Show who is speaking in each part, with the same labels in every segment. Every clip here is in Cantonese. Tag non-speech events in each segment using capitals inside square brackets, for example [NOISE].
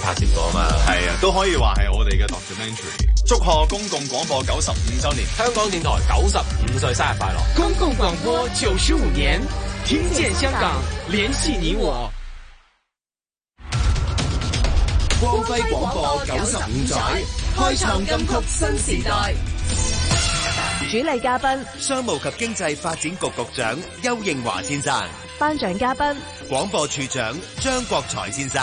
Speaker 1: 拍攝過啊嘛，係啊，都可以話係我哋嘅 Documentary。 [MUSIC] 祝賀公共廣播九十五周年，香港電台九十五歲生日快樂！
Speaker 2: 公共廣播九十五年，聽見香港，聯繫你我。
Speaker 3: 光輝廣播
Speaker 4: 九十五載，
Speaker 1: 開創金曲新時
Speaker 3: 代。
Speaker 4: 主禮嘉賓，商務及經濟發展局局長邱應華先生。
Speaker 5: 頒獎嘉賓，
Speaker 4: 廣播處長張國才先生。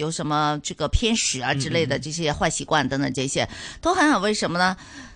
Speaker 6: 有什麼這個偏食啊之類的這些壞習慣等等，這些都很好。為什麼呢？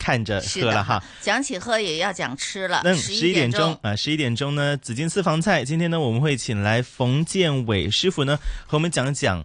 Speaker 4: 看着喝了哈，
Speaker 6: 講起喝也要講吃了。嗯，十一點鐘、嗯、十一點鐘
Speaker 4: 啊，十一點鐘呢，紫金私房菜，今天呢，我們會請來馮建偉師傅呢，和我們講講。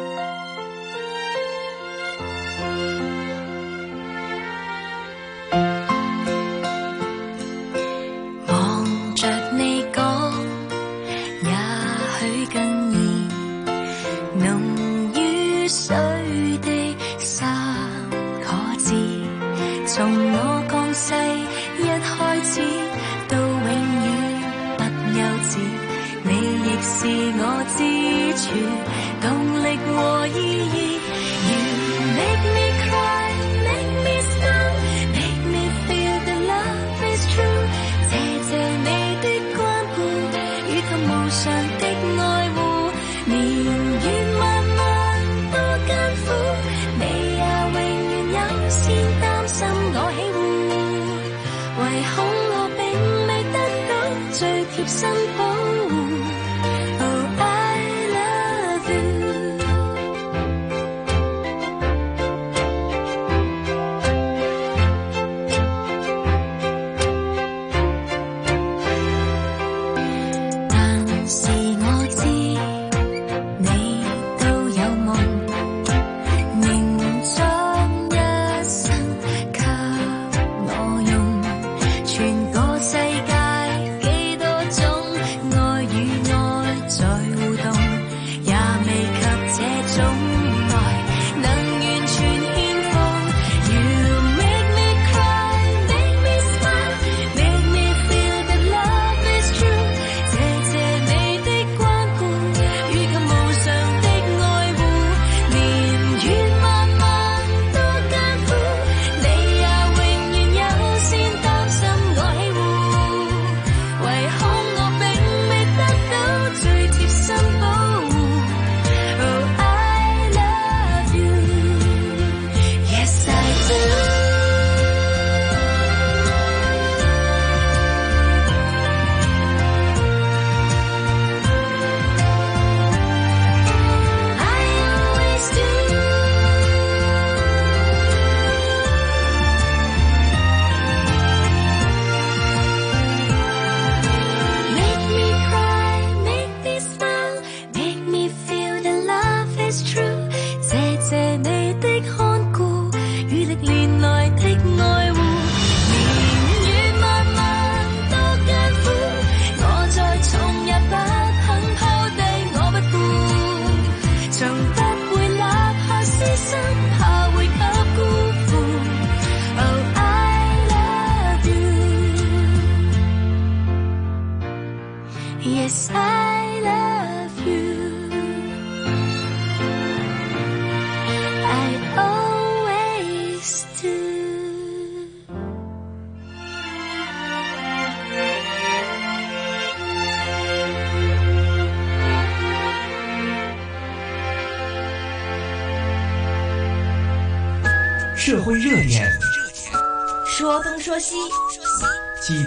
Speaker 3: 誰也一開始都永遠不休止，你亦是我支柱動力和意義。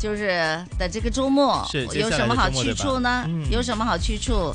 Speaker 6: 就是在這個週末，周末有什麼好去處呢？嗯、有什麼好去處？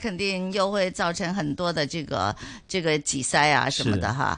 Speaker 6: 肯定又會造成很多的這個這個擠塞啊什麼的哈。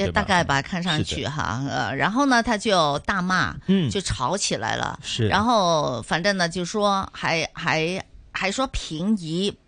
Speaker 6: 大概吧，吧看上去哈，的呃，然後呢，他就大罵，嗯，就吵起來了，是然後反正呢，就說還還還說平移。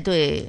Speaker 6: 對。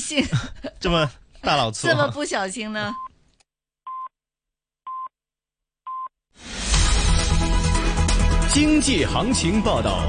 Speaker 6: 真 [LAUGHS] 這
Speaker 4: 麼大老粗啊，這麼不
Speaker 6: 小心呢 [NOISE] ？
Speaker 4: 經濟行情報道。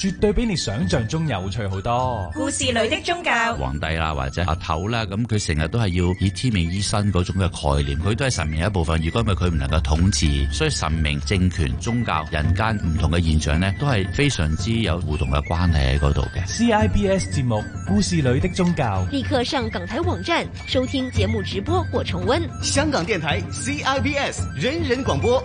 Speaker 4: 絕對比你想象中有趣好多。
Speaker 7: 故事裏的宗教，皇
Speaker 1: 帝啦或者阿頭啦，咁佢成日都係要以天命依身嗰種嘅概念，佢都係神明一部分。如果唔係佢唔能夠統治，所以神明、政權、宗教、人間唔同嘅現象呢，都係非常之有互動嘅關係喺嗰度嘅。CIBS 節目《故事裏的宗教》，
Speaker 6: 立刻上港台網站收聽節目直播或重
Speaker 4: 溫。香港電台 CIBS 人人廣播。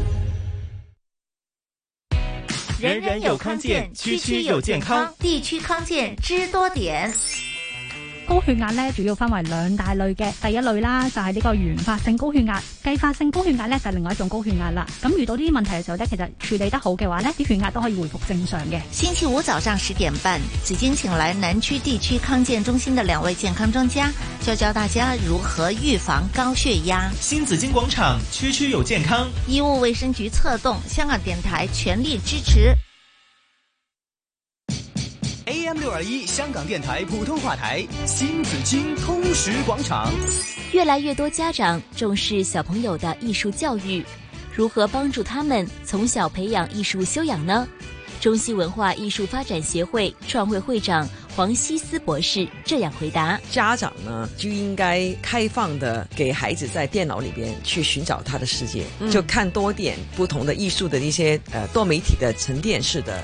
Speaker 4: 人人有康健，
Speaker 7: 區區有健康，地區康健知多點。高血壓咧主要分為兩大類嘅，第一類啦就係、是、呢個原發性高血壓，繼發性高血壓咧就係、是、另外一種高血壓啦。咁遇到呢啲問題嘅時候咧，其實處理得好嘅話咧，啲血壓都可以回復正常嘅。星期五早
Speaker 6: 上十點半，紫荊請來南區地區康健中心嘅兩位健康專家，就教，教大家如何預防高血壓。新紫
Speaker 4: 荊廣場，區區有健
Speaker 6: 康，醫務衛生局策動，香港電台全力支持。
Speaker 1: 一香港電台普通話台新紫荊通識廣場，
Speaker 6: 越來越多家長重視小朋友的藝術教育，如何幫助他們從小培養藝術修養呢？中西文化藝術發展
Speaker 5: 協會創會會長黃希思博士這樣回答：家長呢，就應
Speaker 2: 該開放的給孩子在電腦裏邊去尋找他的世界，嗯、就看多點不同的藝術的一些呃多媒體的沉澱式的。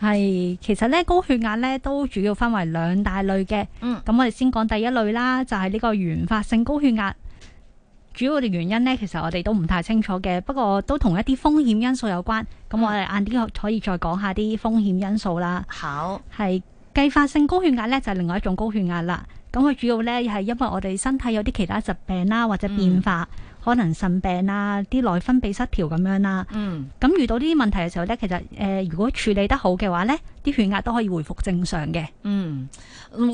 Speaker 7: 係其實咧，高血壓咧都主要分為兩大類嘅。嗯，咁我哋先講第一類啦，就係呢個原發性高血壓，主要嘅原因咧，其實我哋都唔太清楚嘅。不過都同一啲風險因素有關。咁我哋晏啲可以再講下啲風險因素啦。好，係繼發性高血壓咧，就係另外一種高血壓啦。咁佢主要咧係因為我哋身體有啲其他疾病啦，或者變化。嗯可能腎病啊，啲內分泌失調咁樣啦。嗯。咁遇到呢啲問題嘅時候呢，其實誒，如果處理得好嘅話呢，啲血壓都可以回復正常嘅。
Speaker 6: 嗯，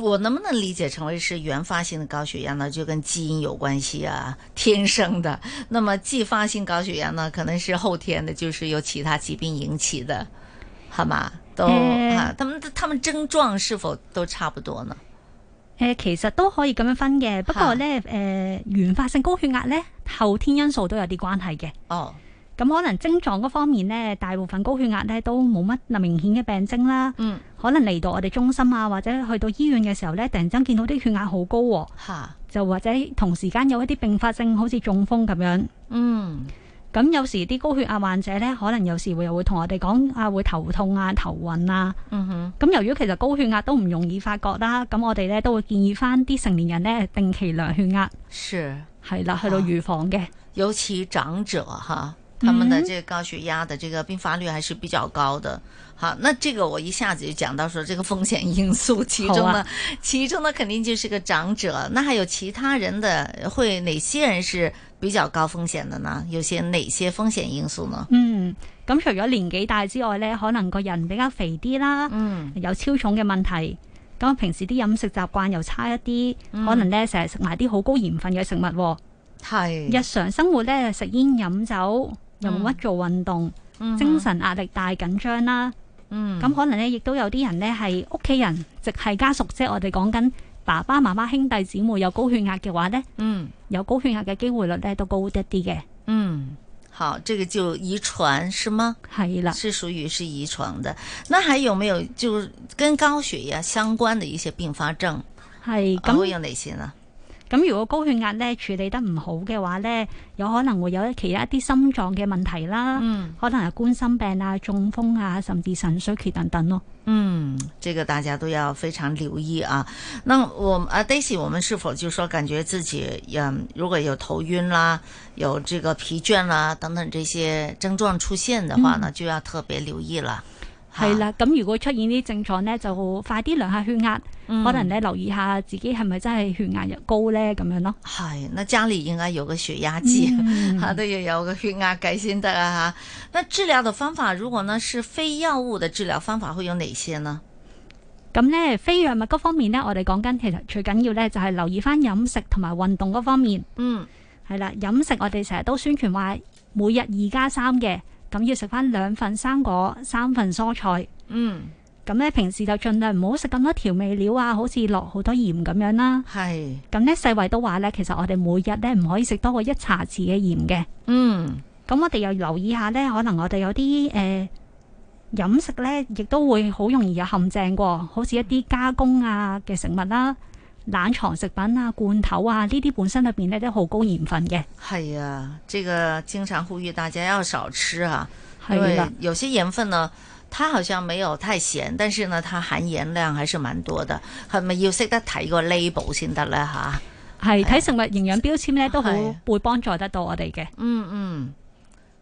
Speaker 6: 我能不能理解成為是原發性的高血壓呢？就跟基因有關係啊，天生的。那麼繼發性高血壓呢，可能是後天的，就是由其他疾病引起的，好嘛都、呃啊、他們他們症狀是否都差不多呢？
Speaker 7: 誒、呃，其實都可以咁樣分嘅，不過咧，誒、呃，原發性高血壓咧，後天因素都有啲關係嘅。哦，咁可能症狀嗰方面咧，大部分高血壓咧都冇乜明顯嘅病徵啦。嗯，可能嚟到我哋中心啊，或者去到醫院嘅時候咧，突然間見到啲血壓好高，啊，吓、嗯，就或者同時間有一啲併發症，好似中風咁樣。嗯。咁有時啲高血壓患者咧，可能有時會又會同我哋講啊，會頭痛啊、頭暈啊。嗯哼。咁由於其實高血壓都唔容易發覺啦，咁我哋咧都會建議翻啲成年人咧定期量血壓。是係啦，去到預防嘅。啊，尤其長
Speaker 6: 者哈。他們的這個高血壓的這個病發率還是比較高的。好，那這個我一下子就講到說，這個風險因素，其中呢，啊、其中呢肯定就是個長者。那還有其他人的會，哪些人是比較高風險的呢？有些
Speaker 7: 哪些風險因素呢？
Speaker 6: 嗯，
Speaker 7: 咁除咗年紀大之外呢，可能個人比較肥啲啦，嗯，有超重嘅問題，咁平時啲飲食習慣又差一啲，嗯、可能呢成日食埋啲好高鹽分嘅食物，哦，係、哎、日常生活呢食煙飲酒。又冇乜做運動，嗯嗯、精神壓力大緊張啦，咁、嗯、可能咧亦都有啲人咧係屋企人直系家屬，即係我哋講緊爸爸媽媽兄弟姊妹有高血壓嘅話咧，嗯、有高血壓嘅機會率咧都高一啲嘅。
Speaker 6: 嗯，好，這個就遺傳是嗎？係啦了，是屬於是遺傳的。那還有沒有就跟高血壓相關的一些併發症？係咁，有哪
Speaker 7: 些呢？咁如果高血壓咧處理得唔好嘅話咧，有可能會有其他一啲心臟嘅問題啦，嗯、可能係冠心病啊、中風啊，甚至腎衰竭等等咯。嗯，
Speaker 6: 這個大家都要非常留意啊。那我阿 Daisy，我們是否就是說，感覺自己，嗯，如果有頭暈啦、有這個疲倦啦
Speaker 7: 等等這些症狀出現的話呢，就要特別留意了。嗯係啦，咁如果出現啲症狀咧，就快啲量下血壓，啊嗯、可能你留意下自己係咪真係血壓又高咧，咁樣咯。係，那家裏應該有個血壓計，下都要有個
Speaker 6: 血壓計先得啊。吓。治療嘅方法，如果呢是非藥物嘅治療方法，
Speaker 7: 會有哪些呢？咁咧，嗯，非藥物嗰方面呢，我哋講緊其實最緊要咧，就係留意翻飲食同埋運動嗰方面。嗯，係啦，飲食我哋成日都宣傳話每日二加三嘅。3的咁要食翻兩份生果，三份蔬菜。嗯，咁咧平時就盡量唔好食咁多調味料啊，好似落好多鹽咁樣啦。係，咁咧世衞都話咧，其實我哋每日咧唔可以食多過一茶匙嘅鹽嘅。嗯，咁我哋又留意下咧，可能我哋有啲誒、呃、飲食咧，亦都會好容易有陷阱喎，好似一啲加工啊嘅食物啦。冷藏食品啊、罐頭啊，呢啲本身入邊咧都好高鹽分嘅。係啊，這個經
Speaker 6: 常呼籲大家要少吃啊，啊，因為有些鹽分呢，它好像沒有太鹹，但是呢，它含鹽量還是蠻多的。係咪要識得睇個 label 先得呢？
Speaker 7: 吓，係睇食物營養標籤呢是都好會幫助得到我哋嘅、嗯。嗯嗯。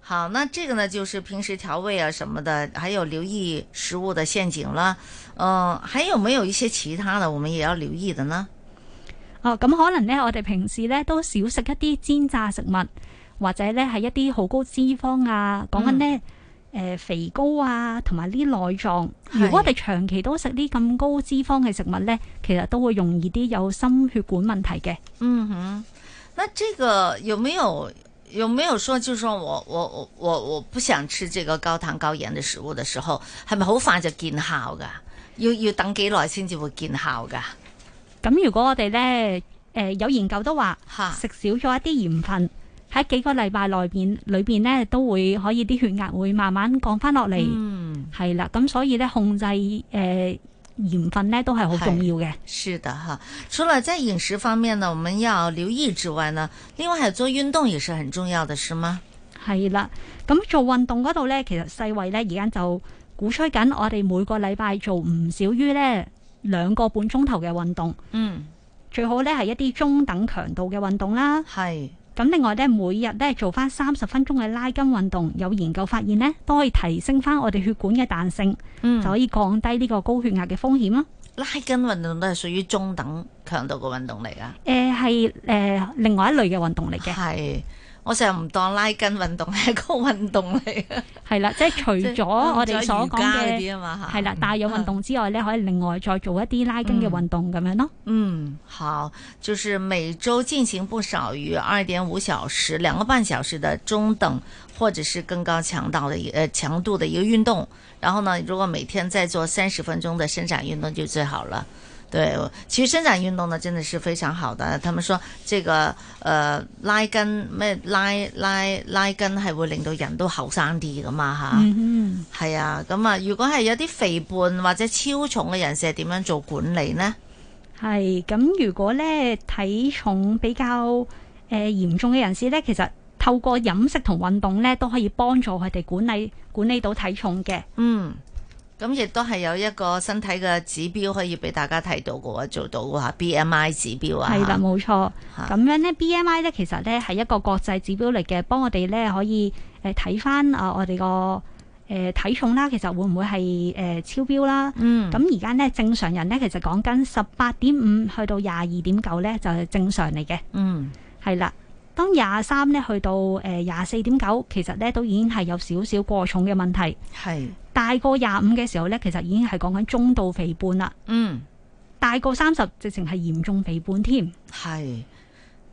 Speaker 6: 好，那這個呢，就是平時調味啊，什麼的，還有留意食物的
Speaker 7: 陷阱啦。嗯、呃，還有沒有一些其他的，我們也要留意的呢？哦、啊，咁可能呢，我哋平時呢，都少食一啲煎炸食物，或者呢，係一啲好高脂肪啊，講緊呢，誒、嗯呃、肥膏啊，同埋啲內臟。如果我哋長期都食啲咁高脂肪嘅食物呢，的其實都會容易啲有心血管問題嘅。嗯哼，
Speaker 6: 那這個有沒有？有沒有說，就算我我我我我不想吃這個高糖高鹽的食物的時候，係咪好快就見效㗎？
Speaker 7: 要
Speaker 6: 要等幾耐先至會見效㗎？
Speaker 7: 咁如果我哋呢，誒、呃、有研究都話，吓食少咗一啲鹽分喺幾個禮拜內邊裏邊呢，都會可以啲血壓會慢慢降返落嚟。嗯，係啦，咁所以呢，控制誒。呃鹽分呢都係好重要嘅，是的哈。除了在飲食
Speaker 6: 方面呢，我們要留意之外呢，另外還有做運動也是很重要的，的是嗎？
Speaker 7: 係啦，咁做運動嗰度呢，其實世衛呢而家就鼓吹緊，我哋每個禮拜做唔少於呢兩個半鐘頭嘅運動，
Speaker 8: 嗯，
Speaker 7: 最好呢係一啲中等強度嘅運動啦，係。咁另外咧，每日都係做翻三十分鐘嘅拉筋運動，有研究發現咧，都可以提升翻我哋血管嘅彈性，嗯、就可以降低呢個高血壓嘅風險咯、啊。拉筋運動
Speaker 6: 都係屬於中等強度嘅運動嚟噶。
Speaker 7: 呃、係、呃、另外一類嘅運動嚟嘅。係。我成日唔當拉筋運動係一個運動嚟嘅，係啦，即係除咗我哋所講嘅，係啦，帶氧運動之外咧，你可以另外再做一啲拉筋嘅運動咁樣咯。嗯，好，
Speaker 6: 就是每周進行不少於二點五小時，兩個半小時嘅中等或者是更高強度嘅，呃，強度的一個運動。然後呢，如果每天再做三十分鐘嘅伸展運動就最好啦。對，其實伸展運動呢，真的是非常好的。他們說，這個，呃，拉筋咩，拉拉拉筋，係會令到人都後生啲㗎嘛吓。嗯嗯哼。係啊，咁啊，如果係有啲肥
Speaker 7: 胖或者超重嘅人士，係點樣做管理呢？係，咁如果咧體重比較誒、呃、嚴重嘅人士咧，其實透過飲食同運動咧，都可以幫助佢哋管理管理到體重嘅。嗯。
Speaker 6: 咁亦都係有一個身體嘅指標可以俾大家睇到嘅做到嘅話，B M I 指標啊，係啦，
Speaker 7: 冇錯。咁樣咧，B M I 咧其實咧係一個國際指標嚟嘅，幫我哋咧可以誒睇翻啊我哋個誒體重啦，其實會唔會係誒超標啦？嗯，咁而家咧正常人咧，其實講緊十八點五去到廿二點九咧就係正常嚟嘅。嗯，係啦。當廿三咧去到誒廿四點九，呃、9, 其實咧都已經係有少少過重嘅問題。係是大過廿五嘅時候咧，其實已經係講緊中度肥胖啦。嗯，大過三十直情係嚴重肥胖添。係，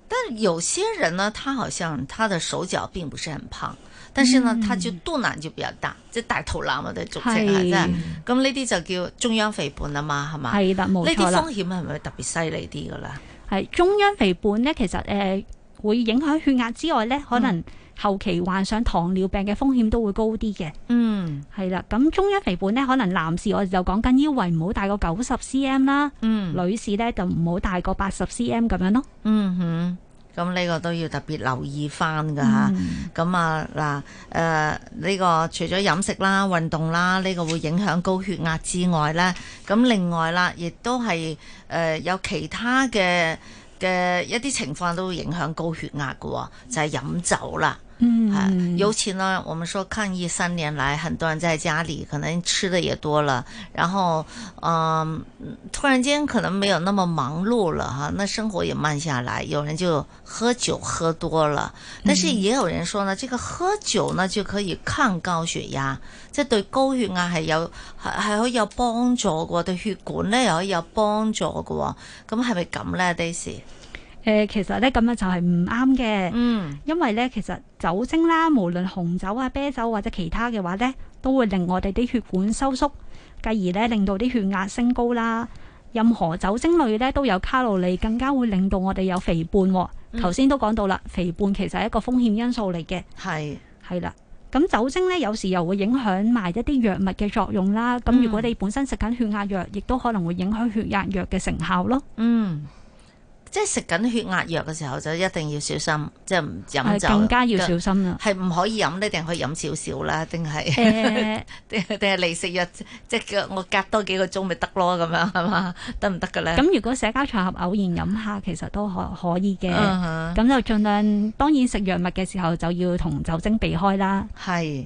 Speaker 7: 但有些人呢，他好像他的手腳並不是很
Speaker 6: 胖，但是呢，嗯、他就肚腩就比較大，即、就、係、是、大肚腩或者俗稱咁呢啲就叫中央肥胖啦嘛，係嘛？係啦，冇錯啦。呢啲風險係咪特別犀利啲噶啦？
Speaker 7: 係中央肥胖呢，其實誒。呃會影響血壓之外呢，可能後期患上糖尿病嘅風險都會高啲嘅。嗯，係啦。咁中一肥胖呢，可能男士我哋就講緊腰圍唔好大過九十 cm 啦。嗯，女士呢就唔好大過八十 cm 咁樣咯。嗯哼，
Speaker 6: 咁呢個都要特別留意翻噶吓。咁、嗯、啊嗱，誒、呃、呢、這個除咗飲食啦、運動啦、呢、這個會影響高血壓之外呢，咁另外啦，亦都係誒、呃、有其他嘅。嘅一啲情況都會影響高血壓㗎喎，就係、是、飲酒啦。嗯，尤其呢，我們說抗疫三年來，很多人在家裏，可能吃的也多了，然後，嗯、呃，突然間可能沒有那麼忙碌了哈，那生活也慢下來，有人就喝酒喝多了，但是也有人說呢，這個喝酒呢就可以抗高血壓，這對高血壓、啊、還有還，還要有幫助嘅，對血管咧又要有幫助嘅，咁係咪咁咧，Dee？
Speaker 7: 誒，其實咧，咁樣就係唔啱嘅。嗯、因為咧其實酒精啦，無論紅酒啊、啤酒或者其他嘅話咧，都會令我哋啲血管收縮，繼而咧令到啲血壓升高啦。任何酒精類咧都有卡路里，更加會令到我哋有肥胖。頭先、嗯、都講到啦，肥胖其實係一個風險因素嚟嘅。係係啦，咁酒精咧有時又會影響埋一啲藥物嘅作用啦。咁如果你本身食緊血壓藥，亦都可能會影響血壓藥嘅成效咯。嗯。即
Speaker 6: 係食緊血壓藥嘅時候，就一定要小心，即係唔飲酒。更加要小心啦。係唔可以飲咧，定可以飲少少啦？定係定係嚟食藥，即係、欸就是、我隔多幾個鐘咪得咯？咁樣係嘛，得唔得㗎咧？咁如
Speaker 7: 果社交場合偶然飲下，其實都可可以嘅。咁、嗯、哼就盡量，當然食藥物嘅時候就要同酒精避開啦。係。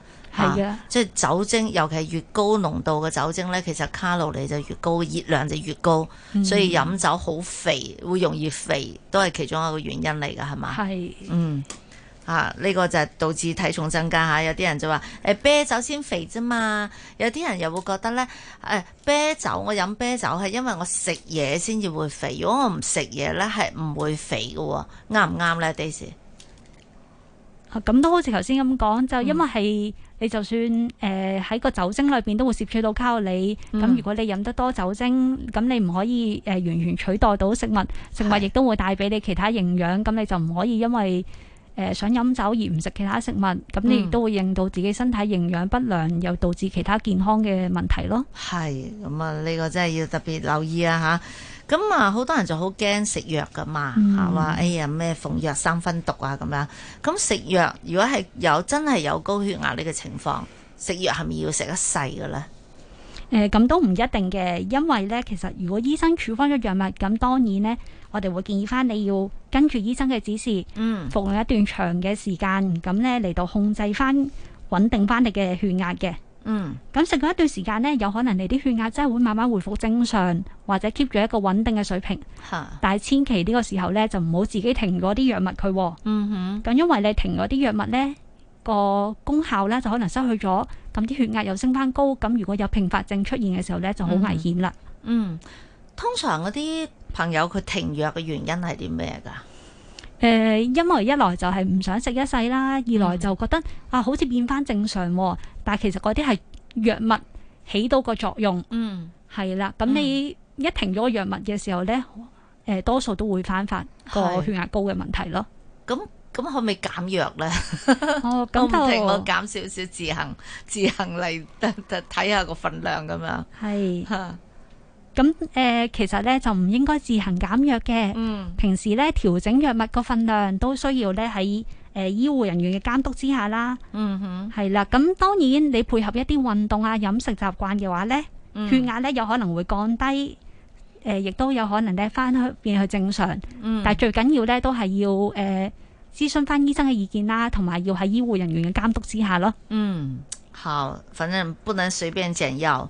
Speaker 6: 係嘅，啊、是的即係酒精，尤其係越高濃度嘅酒精咧，其實卡路里就越高，熱量就越高，嗯、所以飲酒好肥，會容易肥，都係其中一個原因嚟㗎，係嘛？係是，嗯，吓、啊、呢、這個就係導致體重增加吓。有啲人就話，誒、欸、啤酒先肥啫嘛，有啲人又會覺得咧，誒、欸、啤酒我飲啤酒係因為我食嘢先至會肥，如果我唔食嘢咧係唔會肥㗎，啱唔啱咧？Daisy，
Speaker 7: 咁、啊、都好似頭先咁講，就因為係、嗯。你就算誒喺個酒精裏面都會攝取到卡路里，咁、嗯、如果你飲得多酒精，咁你唔可以誒完全取代到食物，食物亦都會帶俾你其他營養，咁是你就唔可以因為誒、呃、想飲酒而唔食其他食物，咁你亦都會令到自己身體營養不良，又導致其他健康嘅問題咯。係，咁啊，呢個真係要特別留意啊。咁啊，好多人就好驚食藥噶嘛，
Speaker 6: 係咪、嗯、哎呀咩逢藥三分毒啊咁樣。咁食藥如果係有真係有高血壓呢個情況，食藥係咪要食一世嘅咧？
Speaker 7: 誒、呃，咁都唔一定嘅，因為咧，其實如果醫生處方咗藥物，咁當然咧，我哋會建議翻你要跟住醫生嘅指示，嗯，服用一段長嘅時間，咁咧嚟到控制翻穩定翻你嘅血壓嘅。嗯，咁食咗一段時間呢，有可能你啲血壓真係會慢慢回復正常，或者 keep 住一個穩定嘅水平。吓、啊，但係千祈呢個時候呢，就唔好自己停嗰啲藥物佢。嗯哼，咁因為你停嗰啲藥物呢，個功效呢就可能失去咗，咁啲血壓又升翻高，咁如果有併發症出現嘅時候呢，就好危險啦。嗯，
Speaker 6: 通常嗰啲朋友佢停藥嘅原因係啲咩
Speaker 7: 噶？誒、呃，因為一來就係唔想食一世啦，二來就覺得、嗯、啊，好似變翻正常、啊，但係其實嗰啲係藥物起到個作用，嗯，係啦。咁你一停咗個藥物嘅時候咧，誒、呃，多數都會翻發個血壓高嘅問題咯。咁咁可唔可以
Speaker 6: 減藥咧？
Speaker 7: 我唔停我
Speaker 6: 減少少自
Speaker 7: 行自行嚟
Speaker 6: 得睇下個份量咁樣。
Speaker 7: 係是。啊咁誒、呃，其實咧就唔應該自行減藥嘅。嗯，平時咧調整藥物個分量都需要咧喺誒醫護人員嘅監督之下啦。嗯
Speaker 8: 哼，
Speaker 7: 係啦。咁當然你配合一啲運動啊、飲食習慣嘅話咧，嗯、血壓咧有可能會降低。誒、呃，亦都有可能咧翻去變去正常。嗯，但係最緊要咧都係要誒諮詢翻醫生嘅意見啦，同埋要喺醫護人員嘅監督之下咯。嗯，好，反正不能隨便減藥。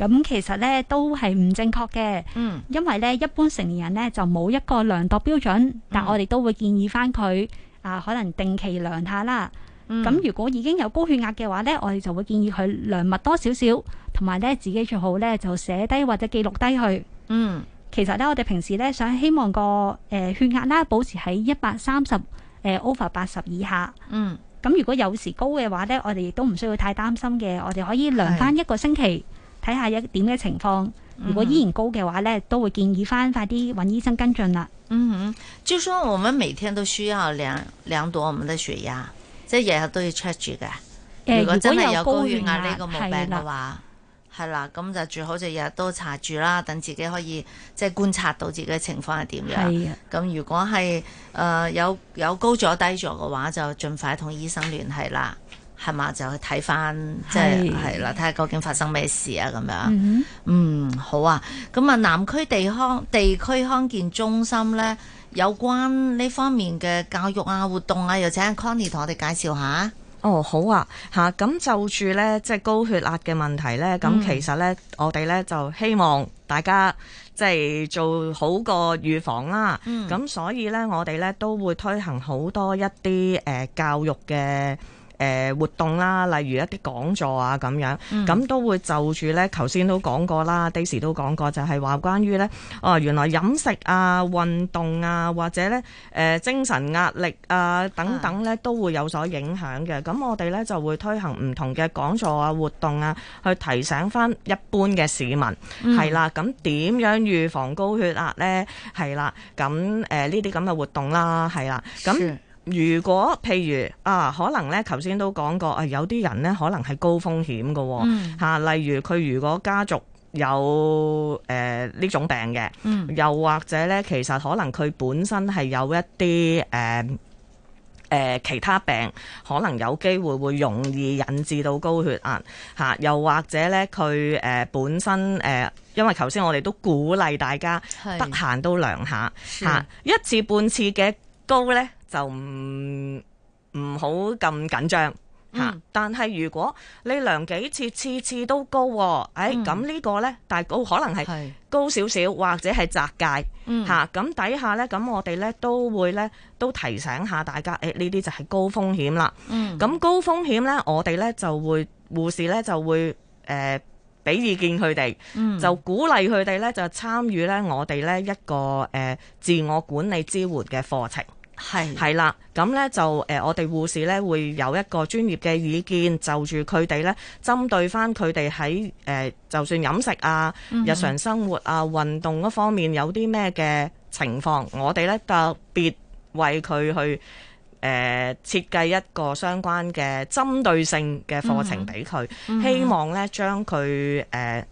Speaker 7: 咁其實咧都係唔正確嘅。嗯，因為咧一般成年人咧就冇一個量度標準，嗯、但我哋都會建議翻佢啊，可能定期量下啦。咁、嗯、如果已經有高血壓嘅話咧，我哋就會建議佢量密多少少，同埋咧自己最好咧就寫低或者記錄低佢。嗯，其實咧我哋平時咧想希望個誒血壓啦保持喺一百三十誒 over 八十以下。嗯，咁如果有時高嘅話咧，我哋亦都唔需要太擔心嘅，我哋可以量翻一個星期。睇下一點嘅情況，如果依然高嘅話咧，嗯、哼都會建議翻快啲揾醫生跟進啦。嗯，就算，
Speaker 6: 我們每天都需要兩兩度我們的血壓，即係日日都要 check 住嘅。如果真係有高血壓呢個毛病嘅話，係啦，咁的就最好就日日都查住啦，等自己可以即係觀察到自己嘅情況係點樣。咁的如果係誒、呃、有有高咗低咗嘅話，就盡快同醫生聯繫啦。係嘛？就去睇翻，即係係啦，睇下是究竟發生咩事啊？咁樣，嗯，嗯，好啊。咁啊，南區地康地區康健中心呢，有關
Speaker 5: 呢方面嘅教育啊、活動啊，又請 Connie 同我哋介紹一下。哦，好啊，嚇、啊！咁就住呢，即、就、係、是、高血壓嘅問題呢。咁其實呢，嗯、我哋呢，就希望大家即係、就是、做好個預防啦。嗯，咁所以呢，我哋呢，都會推行好多一啲誒、呃、教育嘅。誒、呃、活動啦，例如一啲講座啊咁樣，咁、嗯、都會就住呢。頭先都講過啦，Daisy 都講過，就係、是、話關於呢，哦原來飲食啊、運動啊，或者呢誒、呃、精神壓力啊等等呢，都會有所影響嘅。咁、啊、我哋呢，就會推行唔同嘅講座啊、活動啊，去提醒翻一般嘅市民係、嗯、啦。咁點樣預防高血壓呢？係啦。咁誒呢啲咁嘅活動啦，係啦。咁。如果譬如啊，可能咧，頭先都講過，誒、啊，有啲人咧可能係高風險嘅、哦，吓、嗯啊，例如佢如果家族有誒呢、呃、種病嘅，嗯、又或者咧，其實可能佢本身係有一啲誒誒其他病，可能有機會會容易引致到高血壓，吓、啊，又或者咧佢誒本身誒、呃，因為頭先我哋都鼓勵大家，得閒是都量下，吓、啊，是一次半次嘅高咧。就唔唔好咁緊張、嗯啊、但係，如果你量幾次，次次都高、哦，喎、哎，咁呢、嗯、個呢，大高可能係高少少，是或者係窄界咁、嗯啊、底下呢，咁我哋呢都會呢，都提醒下大家，呢、哎、啲就係高風險啦。咁、嗯、高風險呢，我哋呢就會護士呢就會誒俾、呃、意見佢哋，嗯、就鼓勵佢哋呢，就參與我呢我哋呢一個誒、呃、自我管理支援嘅課程。係係啦，咁呢是就誒、呃，我哋護士呢會有一個專業嘅意見，就住佢哋呢，針對翻佢哋喺誒，就算飲食啊、嗯、哼日常生活啊、運動嗰方面有啲咩嘅情況，我哋呢特別為佢去誒設計一個相關嘅針對性嘅課程俾佢，嗯、哼希望呢將佢誒。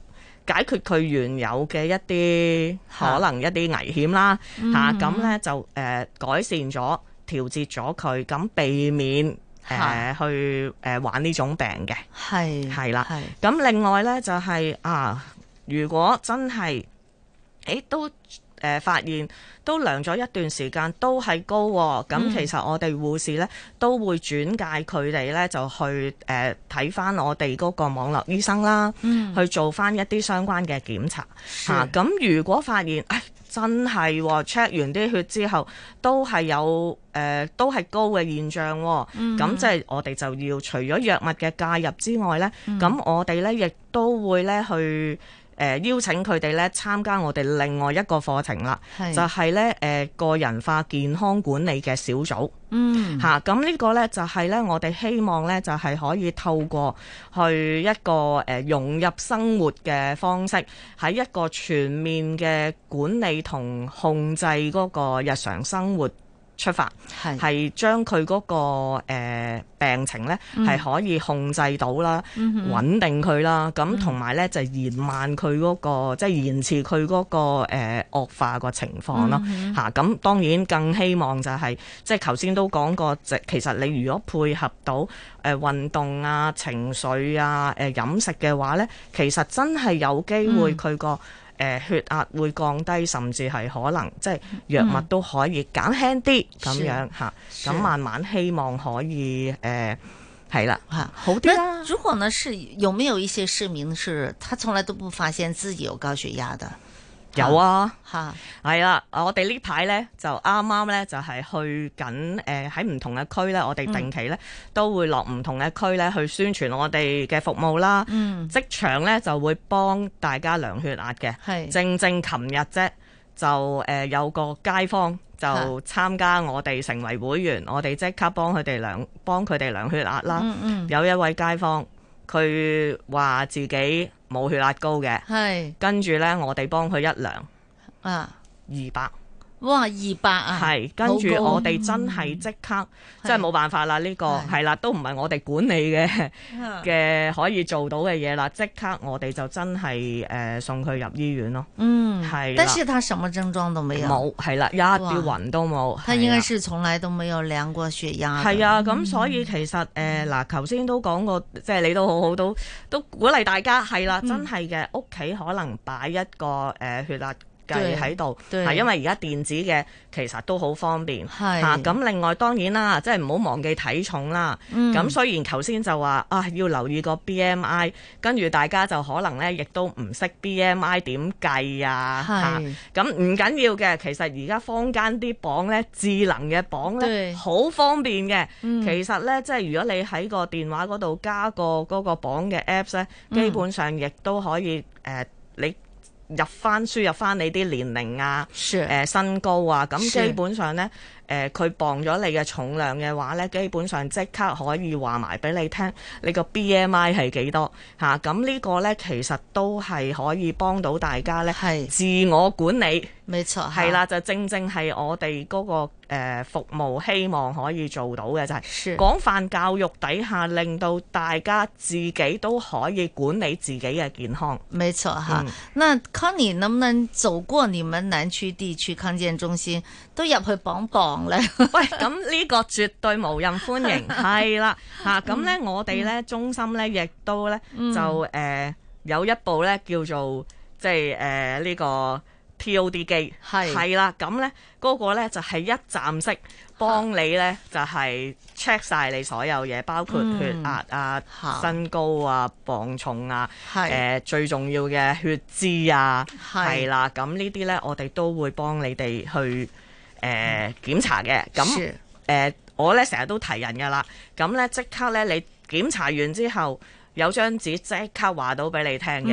Speaker 5: 解決佢原有嘅一啲可能一啲危險啦嚇，咁咧、嗯啊、就誒、呃、改善咗、調節咗佢，咁避免誒、呃啊、去誒、呃、玩呢種病嘅係係啦。咁係另外咧就係、係、啊，如果真係誒都。誒、呃、發現都量咗一段時間都係高、哦，咁其實我哋護士呢，嗯、都會轉介佢哋呢，就去誒睇翻我哋嗰個網絡醫生啦，嗯、去做翻一啲相關嘅檢查吓。咁是、啊、如果發現、哎、真係 check、哦、完啲血之後都係有誒、呃、都係高嘅現象、哦，咁即係我哋就要除咗藥物嘅介入之外呢，咁、嗯、我哋呢亦都會呢去。誒、呃、邀請佢哋咧參加我哋另外一個課程啦，是就係咧誒個人化健康管理嘅小組，嚇咁呢個呢，就係、是、咧我哋希望呢，就係、是、可以透過去一個誒、呃、融入生活嘅方式，喺一個全面嘅管理同控制嗰個日常生活。出發係是將佢嗰、那個、呃、病情呢，係、嗯、可以控制到啦，嗯、哼穩定佢啦，咁同埋呢，就延慢佢嗰、那個即係、就是、延遲佢嗰、那個誒、呃、惡化個情況啦。咁、嗯哼啊、當然更希望就係即係頭先都講過，即其實你如果配合到誒、呃、運動啊、情緒啊、呃、飲食嘅話呢，其實真係有機會佢個。嗯誒、呃，血壓會降低，甚至係可能即係藥物都可以減輕啲咁樣吓，咁是、啊、慢慢希望可以誒係、呃、啦吓，
Speaker 6: 好啲啦、啊。如果呢是有冇一些市民是佢從來都不發現自己有高血壓的？有啊，嚇、
Speaker 5: 啊，係、啊、啦，我哋呢排呢，就啱啱呢，就係去緊，誒喺唔同嘅區呢。我哋定期呢，嗯、都會落唔同嘅區呢去宣傳我哋嘅服務啦。嗯、職場呢，就會幫大家量血壓嘅，是正正琴日啫就誒、呃、有個街坊就參加我哋成為會員，啊、我哋即刻幫佢哋量幫佢哋量血壓啦。嗯嗯、有一位街坊。佢話自己冇血壓高嘅，係跟住呢，我哋幫佢一量啊，二百。哇！二百啊，係跟住高我哋真係即刻，嗯、真係冇辦法啦！呢、這個係啦是，都唔係我哋管理嘅嘅可以做到嘅嘢啦！即刻我哋就真係誒、呃、送佢入醫院咯。嗯，係的。但是他什麼症狀都沒有。冇係啦，哇一啲暈都冇。他應該是從來都沒有量過血壓。係啊，咁所以其實誒嗱，頭、呃、先都講過，嗯、即係你都好好都都鼓勵大家係啦，真係嘅屋企可能擺一個誒、呃、血壓。計喺度，嚇，對因為而家電子嘅其實都好方便，嚇是。咁、啊、另外當然啦，即係唔好忘記體重啦。咁、嗯、雖然頭先就話啊，要留意個 BMI，跟住大家就可能咧，亦都唔識 BMI 點計啊。嚇是，咁唔、啊、緊要嘅，其實而家坊間啲磅咧，智能嘅磅咧，好對方便嘅。嗯、其實咧，即係如果你喺個電話嗰度加個嗰個磅嘅 Apps 咧，基本上亦都可以誒、嗯呃，你。入翻輸入翻你啲年齡啊 Sure.、誒，身高啊，咁基本上呢。Sure. 誒佢磅咗你嘅重量嘅話咧，基本上即刻可以話埋俾你聽，你，啊，這這個 BMI 係幾多吓？咁呢個咧其實都係可以幫到大家咧，自我管理。冇錯，係，嗯，啦，就正正係我哋嗰，那個，誒、呃、服務希望可以做到嘅就係，是，廣是泛教育底下，令到大家自己都可以管理自己嘅健康。冇錯，吓，啊，嗯、
Speaker 6: 那 c o n Connie，能不能走過你們南區地區康健中心都入去磅磅？
Speaker 5: [LAUGHS] 喂，咁呢個絕對無任歡迎，係 [LAUGHS] 啦吓，咁、啊、咧我哋咧、嗯、中心呢，亦都呢，嗯、就誒、呃、有一部呢叫做即係誒呢個 POD 機，係係是啦，咁咧嗰個呢，就係、是、一站式幫你呢，就係、是、check 晒你所有嘢，包括血壓啊、嗯、身高啊、磅重啊，係是、呃、最重要嘅血脂啊，係是啦，咁呢啲呢，我哋都會幫你哋去。誒、呃、檢查嘅咁誒，我咧成日都提人㗎喇。咁咧即刻咧，你檢查完之後有張紙即刻話到俾你聽嘅，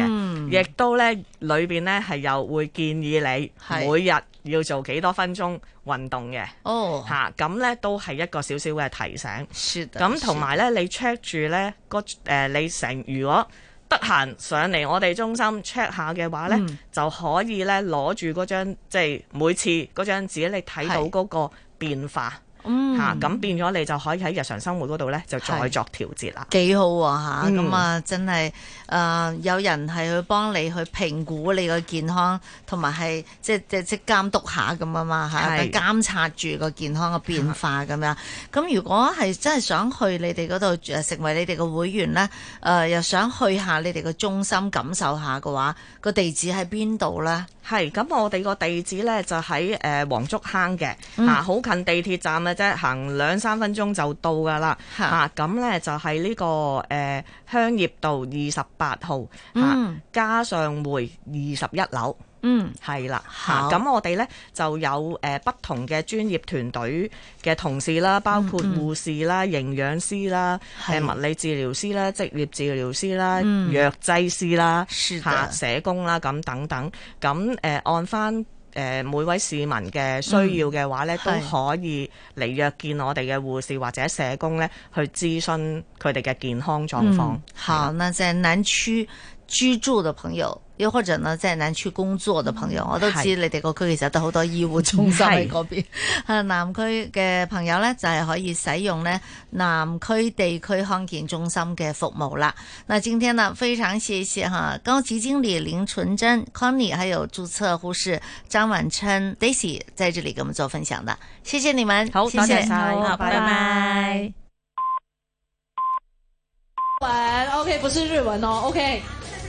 Speaker 5: 亦、嗯、都咧裏邊咧係又會建議你每日要做幾多分鐘運動嘅。哦是，嚇咁咧都係一個少少嘅提醒。咁同埋咧，你 check 住咧個誒，你成如果。得閒上嚟我哋中心 check 下嘅話咧，嗯、就可以咧攞住嗰張即係每次嗰張紙，你睇到嗰個變化。嗯，吓、啊，咁變咗你就可以喺日常生活嗰度咧，就再作調節啦。
Speaker 6: 幾好吓、啊，咁啊、嗯、真係誒、呃、有人係去幫你去評估你個健康，同埋係即係即係即監督下咁啊嘛嚇，監如察住個健康嘅變化咁樣，咁如果係真係想去你哋嗰度誒成為你哋嘅會
Speaker 5: 員咧，誒、呃、又想去下你哋嘅中心感受下嘅話，個地址喺邊度咧？係咁，我哋個地址咧就喺誒黃竹坑嘅，啊好近地鐵站啊！即係行兩三分鐘就到噶啦哈、啊這個呃，啊咁呢就係呢個誒香葉道二十八號，嗯，嘉上匯二十一樓，嗯，係啦的，咁好、啊、我哋呢就有誒、呃、不同嘅專業團隊嘅同事啦，包括護士啦、嗯嗯營養師啦、誒的、啊、物理治療師啦、職業治療師啦、嗯、藥劑師啦，嚇的、啊、社工啦，咁等等，咁、啊、誒按翻，誒每位市民嘅需要嘅話咧，嗯、都可以嚟約見我哋嘅護士或者社工咧，的去諮詢佢哋嘅健康狀況、嗯。好，的那在南區居住嘅朋友。又或者呢，在南區
Speaker 6: 工作的朋友，我都知你哋個區其實都好多醫護中心喺嗰邊。吓，南區嘅朋友呢，就係可以使用呢南區地區康健中心嘅服務啦。那今天呢，非常謝謝吓高級經理、林純真、Connie，還有注冊護士張婉琛、Daisy 在這裏給我們做分享的，謝謝你們。謝謝，好，謝謝好，拜拜。文，OK，不是日文哦
Speaker 5: ，OK。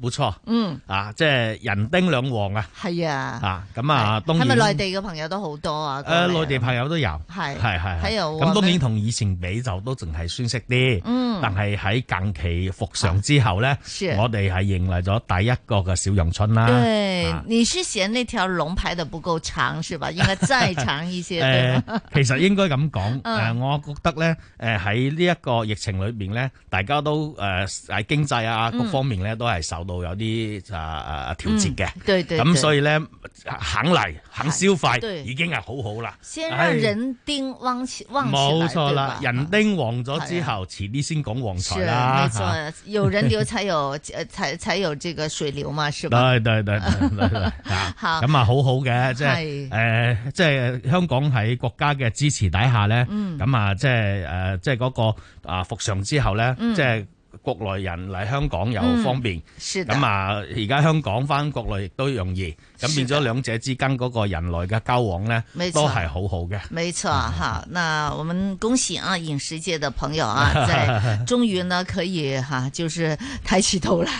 Speaker 1: 冇錯，嗯，啊，即係人丁兩旺啊，
Speaker 6: 係啊，啊
Speaker 1: 咁啊，冬。係咪內地
Speaker 6: 嘅朋友都好多啊？誒，
Speaker 1: 內地朋友都有，係係係。咁當然同以前比就都淨係遜色啲，嗯，
Speaker 8: 但係
Speaker 1: 喺近期復常之後咧，我哋係迎嚟咗第一個嘅小陽春啦。對，
Speaker 6: 你是嫌呢條龍排得不夠長是吧？應該再長一些。誒，
Speaker 1: 其實應該咁講，誒，我覺得咧，誒喺呢一個疫情裏邊咧，大家都誒喺經濟啊各方面咧都係受，度有啲啊啊調節嘅，咁所以咧肯嚟肯消費，已經係好好啦。先讓人
Speaker 6: 丁旺旺，冇錯啦。
Speaker 1: 人丁旺咗之後，遲啲先講旺財啦。係啊，冇錯，
Speaker 6: 有人流才有誒，才才有這個水流嘛。對對對對咁
Speaker 1: 啊，好好嘅，即係誒，即係香港喺國家嘅支持底下咧，咁啊，即係誒，即係嗰個啊復常之後咧，即係。國內人嚟香港又方便，咁啊、嗯，而家香港返國內亦都容易。咁變咗兩者之間嗰個人類嘅交往呢，都係好好嘅。
Speaker 6: 沒錯，哈，那我們恭喜啊，飲食界的朋友啊，在終於呢可以哈，就是抬起頭來。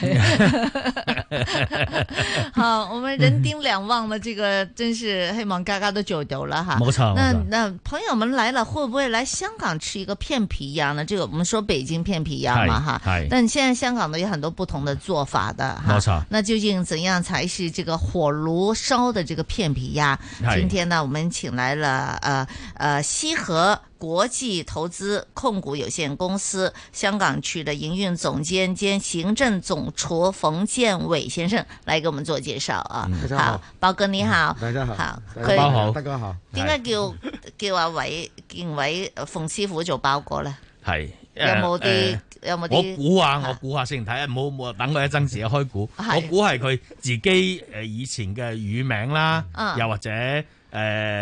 Speaker 8: [LAUGHS]
Speaker 6: [LAUGHS] 好，我們人丁兩旺的這個真是黑忙嘎嘎都酒酒了哈。冇錯錯。那錯那朋友們來了，會不會來香港吃一個片皮鴨呢？這個我們說北京片皮鴨嘛，哈
Speaker 8: 是，但現
Speaker 6: 在香港呢，有很多不同的做法的，冇錯錯。那究竟怎樣才是這個火爐？爐燒的這個片皮鴨，今天呢，我們請來了是呃呃西河國際投資控股有限公司香港區的營運總監兼行政總廚馮建偉先生來給我們做介紹啊。嗯、好，好，包哥你好。大家好。好，可以。大家好。點解叫、嗯、叫，叫阿偉建偉馮師傅做包哥咧？
Speaker 1: 係有冇啲？麼
Speaker 6: 有冇我估下，我
Speaker 1: 估下先睇，唔好唔好等佢一陣時開估。的我估係佢自己誒以前嘅乳名啦。 [LAUGHS] 又或者誒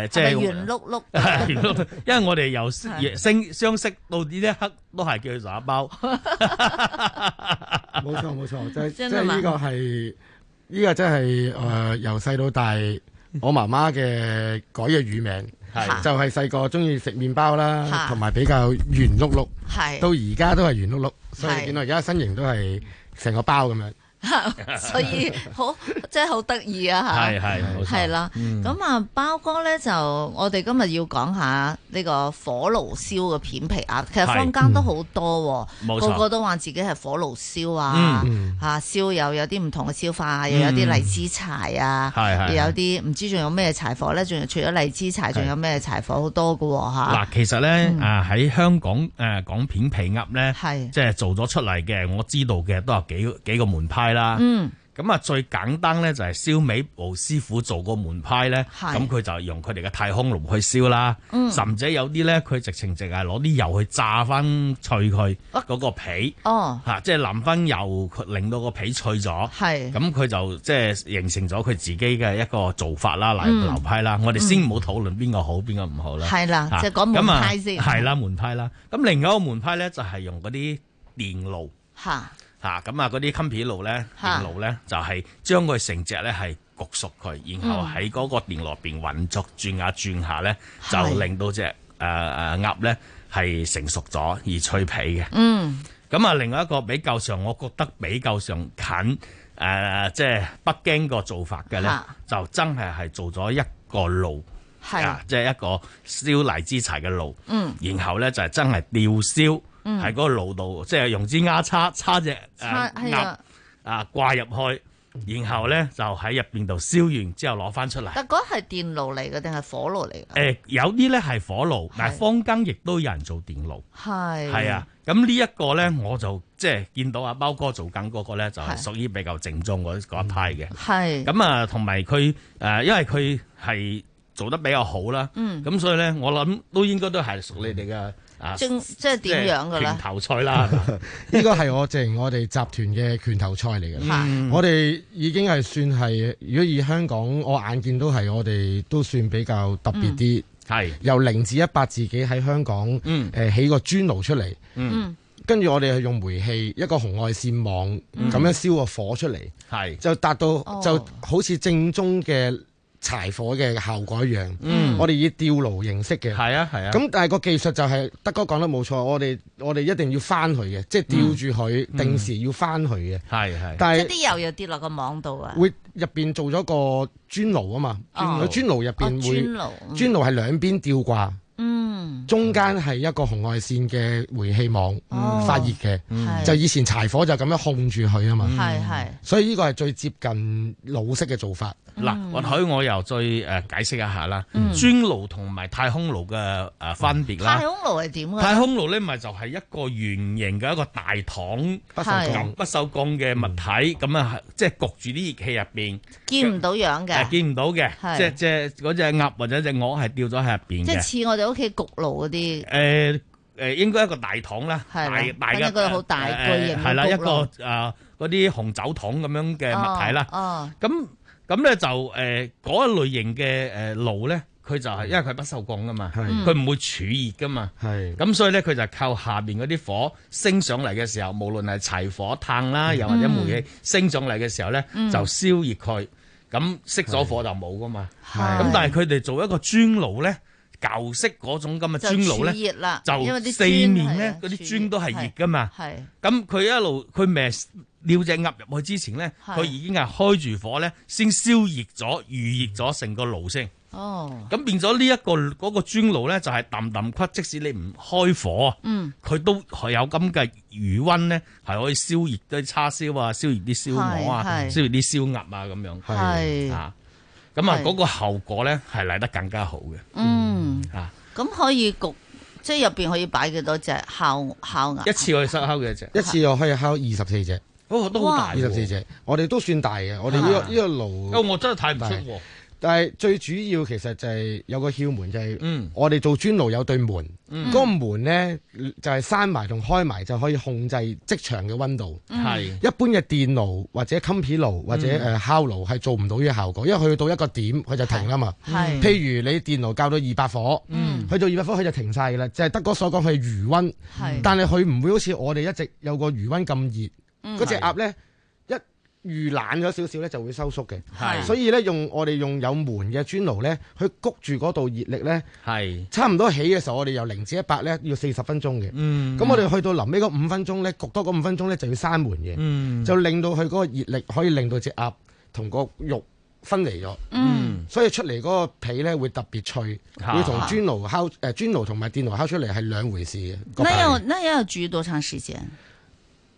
Speaker 1: 即係圓碌碌。因為我哋由相相識到呢一刻都係叫佢打包 [LAUGHS] 沒錯。冇錯冇錯，即係即係呢個係呢個
Speaker 9: 真係誒由細到大我媽媽嘅改嘅乳名。是就係細個中意食麵包啦，同埋比較圓碌碌，到而家都係圓碌碌，所以你見到而家身形都係成個包咁樣。
Speaker 6: [LAUGHS] 所以好，真係好得意啊！係係係啦，咁啊，的嗯、包哥咧就我哋今日要講下呢個火爐燒嘅片皮鴨，其實坊間都好多，嗯、個個都話自己係火爐燒啊，吓燒、嗯嗯、有有啲唔同嘅燒法，又有啲荔枝柴啊，嗯、又有啲唔知仲有咩柴火咧，仲除咗荔枝柴，仲有咩柴火好多㗎吓、啊。嗱，嗯、
Speaker 1: 其實咧啊喺香港誒講、呃、片皮鴨咧，係是即係做咗出嚟嘅，我知道嘅都有幾幾個門派。係啦，咁啊、嗯、最簡單咧就係燒味部師傅做個門派咧，咁佢是就用佢哋嘅太空爐去燒啦，嗯、甚至有啲咧佢直情淨係攞啲油去炸翻脆佢嗰個皮，吓即係淋翻油，佢令到個皮脆咗，咁佢是就即係形成咗佢自己嘅一個做法啦，嗱，流派啦。我哋先唔好討論邊個好邊個唔好啦，係啦，就係、是、講門派先、啊，係啦、啊嗯、門派啦。咁另外一個門派咧就係用嗰啲電爐吓。嗱，咁啊！嗰啲襟皮爐咧，電爐咧，啊、就係將佢成隻咧係焗熟佢，然後喺嗰個電爐邊運作轉下轉下咧，嗯、就令到隻誒誒鴨咧係成熟咗而脆皮嘅。嗯，咁啊，另外一個比較上，我覺得比較上近誒，即、呃、係、就是、北京個做法嘅咧、啊，就真係係做咗一個爐，係即係一個燒荔枝柴嘅爐，
Speaker 8: 嗯，然
Speaker 1: 後咧就係、是、真係吊燒。係嗰個爐度，即係用支鴨叉叉隻鴨啊，掛入的去，然後咧就喺入邊度燒完之後攞翻出嚟。但
Speaker 6: 嗰係電爐嚟嘅定係火爐嚟
Speaker 1: 嘅？誒、呃，有啲咧係火爐，的但係坊間亦都有人做電爐。
Speaker 5: 係係啊，
Speaker 1: 咁呢一個咧，我就即係見到阿包哥做緊嗰個咧，就係屬於比較正宗嗰一派嘅。係咁啊，同埋佢誒，因為佢係做得比較好啦。的嗯，咁所以咧，我諗都應該都係屬你哋嘅。啊，即即係點樣嘅咧？拳頭菜啦，
Speaker 9: 呢個係我哋我哋集團嘅拳頭菜嚟嘅。 [LAUGHS] 我哋已經係算係，如果以香港，我眼見都係我哋都算比較特別啲。係、 [NOISE] 嗯、由零至一百，自己喺香港，誒起個磚爐出嚟，跟住、 [NOISE] 嗯、我哋係用煤氣，一個紅外線網咁樣燒個火出嚟，係就達到就好似正宗嘅。柴火嘅效果一樣，嗯、我哋以吊爐形式嘅，係啊係啊。咁、啊、但係個技術就係、是、德哥講得冇錯，我哋我哋一定要翻去嘅，即係吊住佢，嗯、定時要翻去嘅。係係、嗯。但係啲
Speaker 6: 油又跌落個網度啊！嗯、是是是
Speaker 9: 會入邊做咗個磚爐啊嘛，個、哦、磚爐入邊會、哦、磚爐，嗯、磚爐係兩邊吊掛。中間係一個紅外線嘅煤氣網發熱嘅，哦、就以前柴火就咁樣控住佢啊嘛，係係。所以呢個係最接近老式嘅做法。
Speaker 6: 嗱、嗯，允許
Speaker 1: 我又再誒解釋一下啦。磚爐同埋太空爐嘅誒分別啦。太
Speaker 6: 空爐係點啊？太空
Speaker 1: 爐咧咪就係一個圓形嘅一個大堂，不鏽鋼是不鏽鋼嘅物體，咁啊即係焗住啲熱氣入邊、
Speaker 6: 呃，見唔到樣嘅，
Speaker 1: 見唔到嘅，即係即係嗰隻鴨或者隻鵝係掉咗喺入邊，即係似
Speaker 6: 我哋屋企焗爐。嗰啲
Speaker 1: 誒誒，應該一個大桶啦，係的大大嘅一個好大巨型係啦、呃，一個啊啲、呃、紅酒桶咁樣嘅物體啦。哦，咁咁咧就誒嗰、呃、一類型嘅誒爐咧，佢就係因為佢不鏽鋼噶嘛，佢唔的會儲熱噶嘛。係咁的所以咧，佢就靠下邊嗰啲火升上嚟嘅時候，無論係柴火、炭啦，又或者煤氣、嗯、升上嚟嘅時候咧，就燒熱佢。咁熄咗火就冇噶嘛。係咁的，是的但係佢哋做一個磚爐咧。舊式嗰種咁嘅磚爐咧，就因為啲四面咧嗰啲磚都係熱噶嘛，咁佢一路佢咪撩隻鴨入去之前咧，佢已經係開住火咧，先燒熱咗預熱咗成個爐先。哦，咁變咗呢一個嗰個磚爐咧，就係揼揼骨，即使你唔開火，嗯，佢都係有咁嘅餘温咧，係可以燒熱啲叉燒啊，燒熱啲燒鵝啊，燒熱啲燒鴨啊咁樣，係啊。咁啊，嗰個效果咧係嚟得更加好嘅。嗯，啊，
Speaker 6: 咁可以焗，即係入邊可以擺幾多隻烤烤鴨，啊？
Speaker 1: 一次可以收烤幾隻？
Speaker 9: 一次又可以烤二十四隻。哦，
Speaker 6: 都好大、啊、二
Speaker 9: 十四隻，我哋都算大嘅。我哋呢、呢個呢因、呢個、爐、
Speaker 1: 哦，我真係睇唔出
Speaker 9: 但係最主要，其實就係有個竅門，就係我哋做磚爐有對門，嗰、嗯、個門呢，就係閂埋同開埋就可以控制即場嘅温度。係、嗯、一般嘅電爐或者襟皮爐或者誒烤爐係做唔到呢個效果，因為去到一個點佢就停啦嘛。係、嗯、譬如你電爐校到二百火，嗯、去到二百火佢就停晒㗎喇。就係、是、德哥所講佢餘温，嗯、是但係佢唔會好似我哋一直有個餘温咁熱嗰隻、嗯、鴨呢。預冷咗少少咧，就會收縮嘅。係是，所以咧用我哋用有門嘅磚爐咧，去焗住嗰度熱力呢係。是差唔多起嘅時候，我哋由零至一百呢要四十分鐘嘅。嗯。咁我哋去到臨尾嗰五分鐘呢，焗多嗰五分鐘呢就要閂門嘅。嗯、就令到佢嗰個熱力可以令到隻鴨同個肉分離咗。嗯。所以出嚟嗰個皮呢會特別脆，要同磚爐烤誒磚爐同埋電爐烤出嚟係兩回事那。那要
Speaker 6: 那要煮多長時間？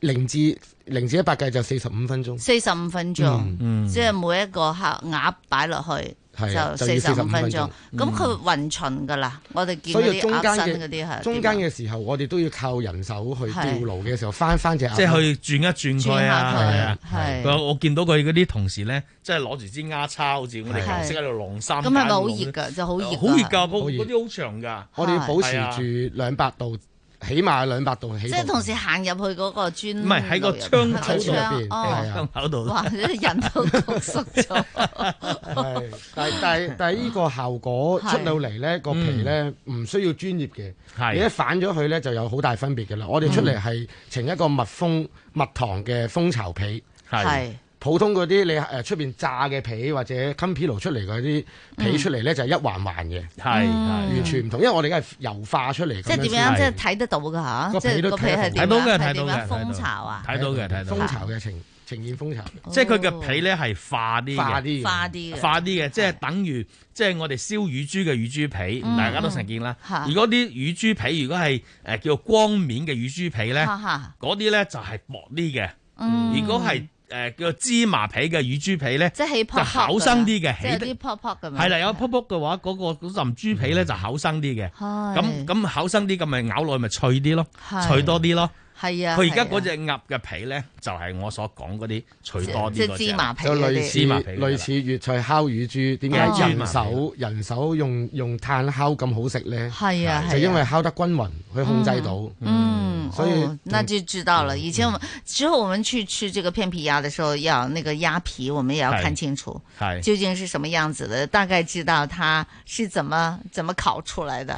Speaker 9: 零至零至一百計就四十五分鐘，四
Speaker 6: 十五分鐘，嗯，即係每一個客鴨擺落去，係就四十五分鐘。咁佢勻巡噶啦，我哋見。所以中間嘅中
Speaker 9: 間嘅時候，我哋都要靠人手去吊爐嘅時候翻翻隻，即係去轉
Speaker 1: 一轉佢啊，係啊，係。我我見到佢嗰啲同事咧，即係攞住支鴨叉，好似我哋紅色喺度晾衫。咁係咪好熱
Speaker 6: 噶？就好熱，好熱
Speaker 1: 噶！嗰啲好長噶，我哋要保持住
Speaker 9: 兩百度。起碼兩百度，即係同
Speaker 6: 時行入去嗰個磚，唔係喺個窗口入邊，窗口
Speaker 9: 度，哇！人都焗濕
Speaker 6: 咗。係，但係但係
Speaker 9: 但係呢個效果出到嚟咧，個皮咧唔需要專業嘅，你一反咗佢咧就有好大分別嘅啦。我哋出嚟係呈一個密封蜜糖嘅蜂巢皮，係。普通嗰啲你誒出面炸嘅皮或者 c o m 出嚟嗰啲皮出嚟咧，就係一環環嘅，係完全唔同，因為我哋而家係油化出嚟。即
Speaker 6: 係點樣？即係睇得到嘅嚇。睇到嘅，睇到嘅。蜂巢啊！睇到嘅，睇到蜂巢
Speaker 1: 嘅呈呈現蜂巢，即係佢嘅皮咧係化啲嘅。化啲嘅。化啲化啲嘅，即係等於即係我哋燒乳豬嘅乳豬皮，大家都成見啦。如果啲乳豬皮如果係誒叫做光面嘅乳豬皮咧，嗰啲咧就係薄啲嘅。
Speaker 6: 如果係
Speaker 1: 誒、呃，叫芝麻皮嘅乳豬皮咧，即係起泡厚生啲嘅，即係啲
Speaker 6: 撲撲咁樣。係啦，有
Speaker 1: 扑扑嘅話，嗰、嗰個嗰陣豬皮咧就厚生啲嘅。咁咁厚生啲，咁咪咬落去咪脆啲咯，係嘅脆多啲咯。
Speaker 6: 係啊，佢而家嗰隻
Speaker 1: 鴨嘅皮呢，就係我所講嗰啲脆多啲嗰隻，就類似芝麻皮，類
Speaker 9: 似粵菜烤乳豬。點解人手人手用用炭烤咁好食
Speaker 6: 呢？係啊，就因為烤得
Speaker 9: 均勻，佢控制到。
Speaker 6: 嗯，所、嗯、以、嗯、那就知道了。以前之後，我們去吃這個片皮鴨的時候，要那個鴨皮，我們也要看清楚，究竟是什麼樣子的，大概知道它是怎麼怎麼烤出來的。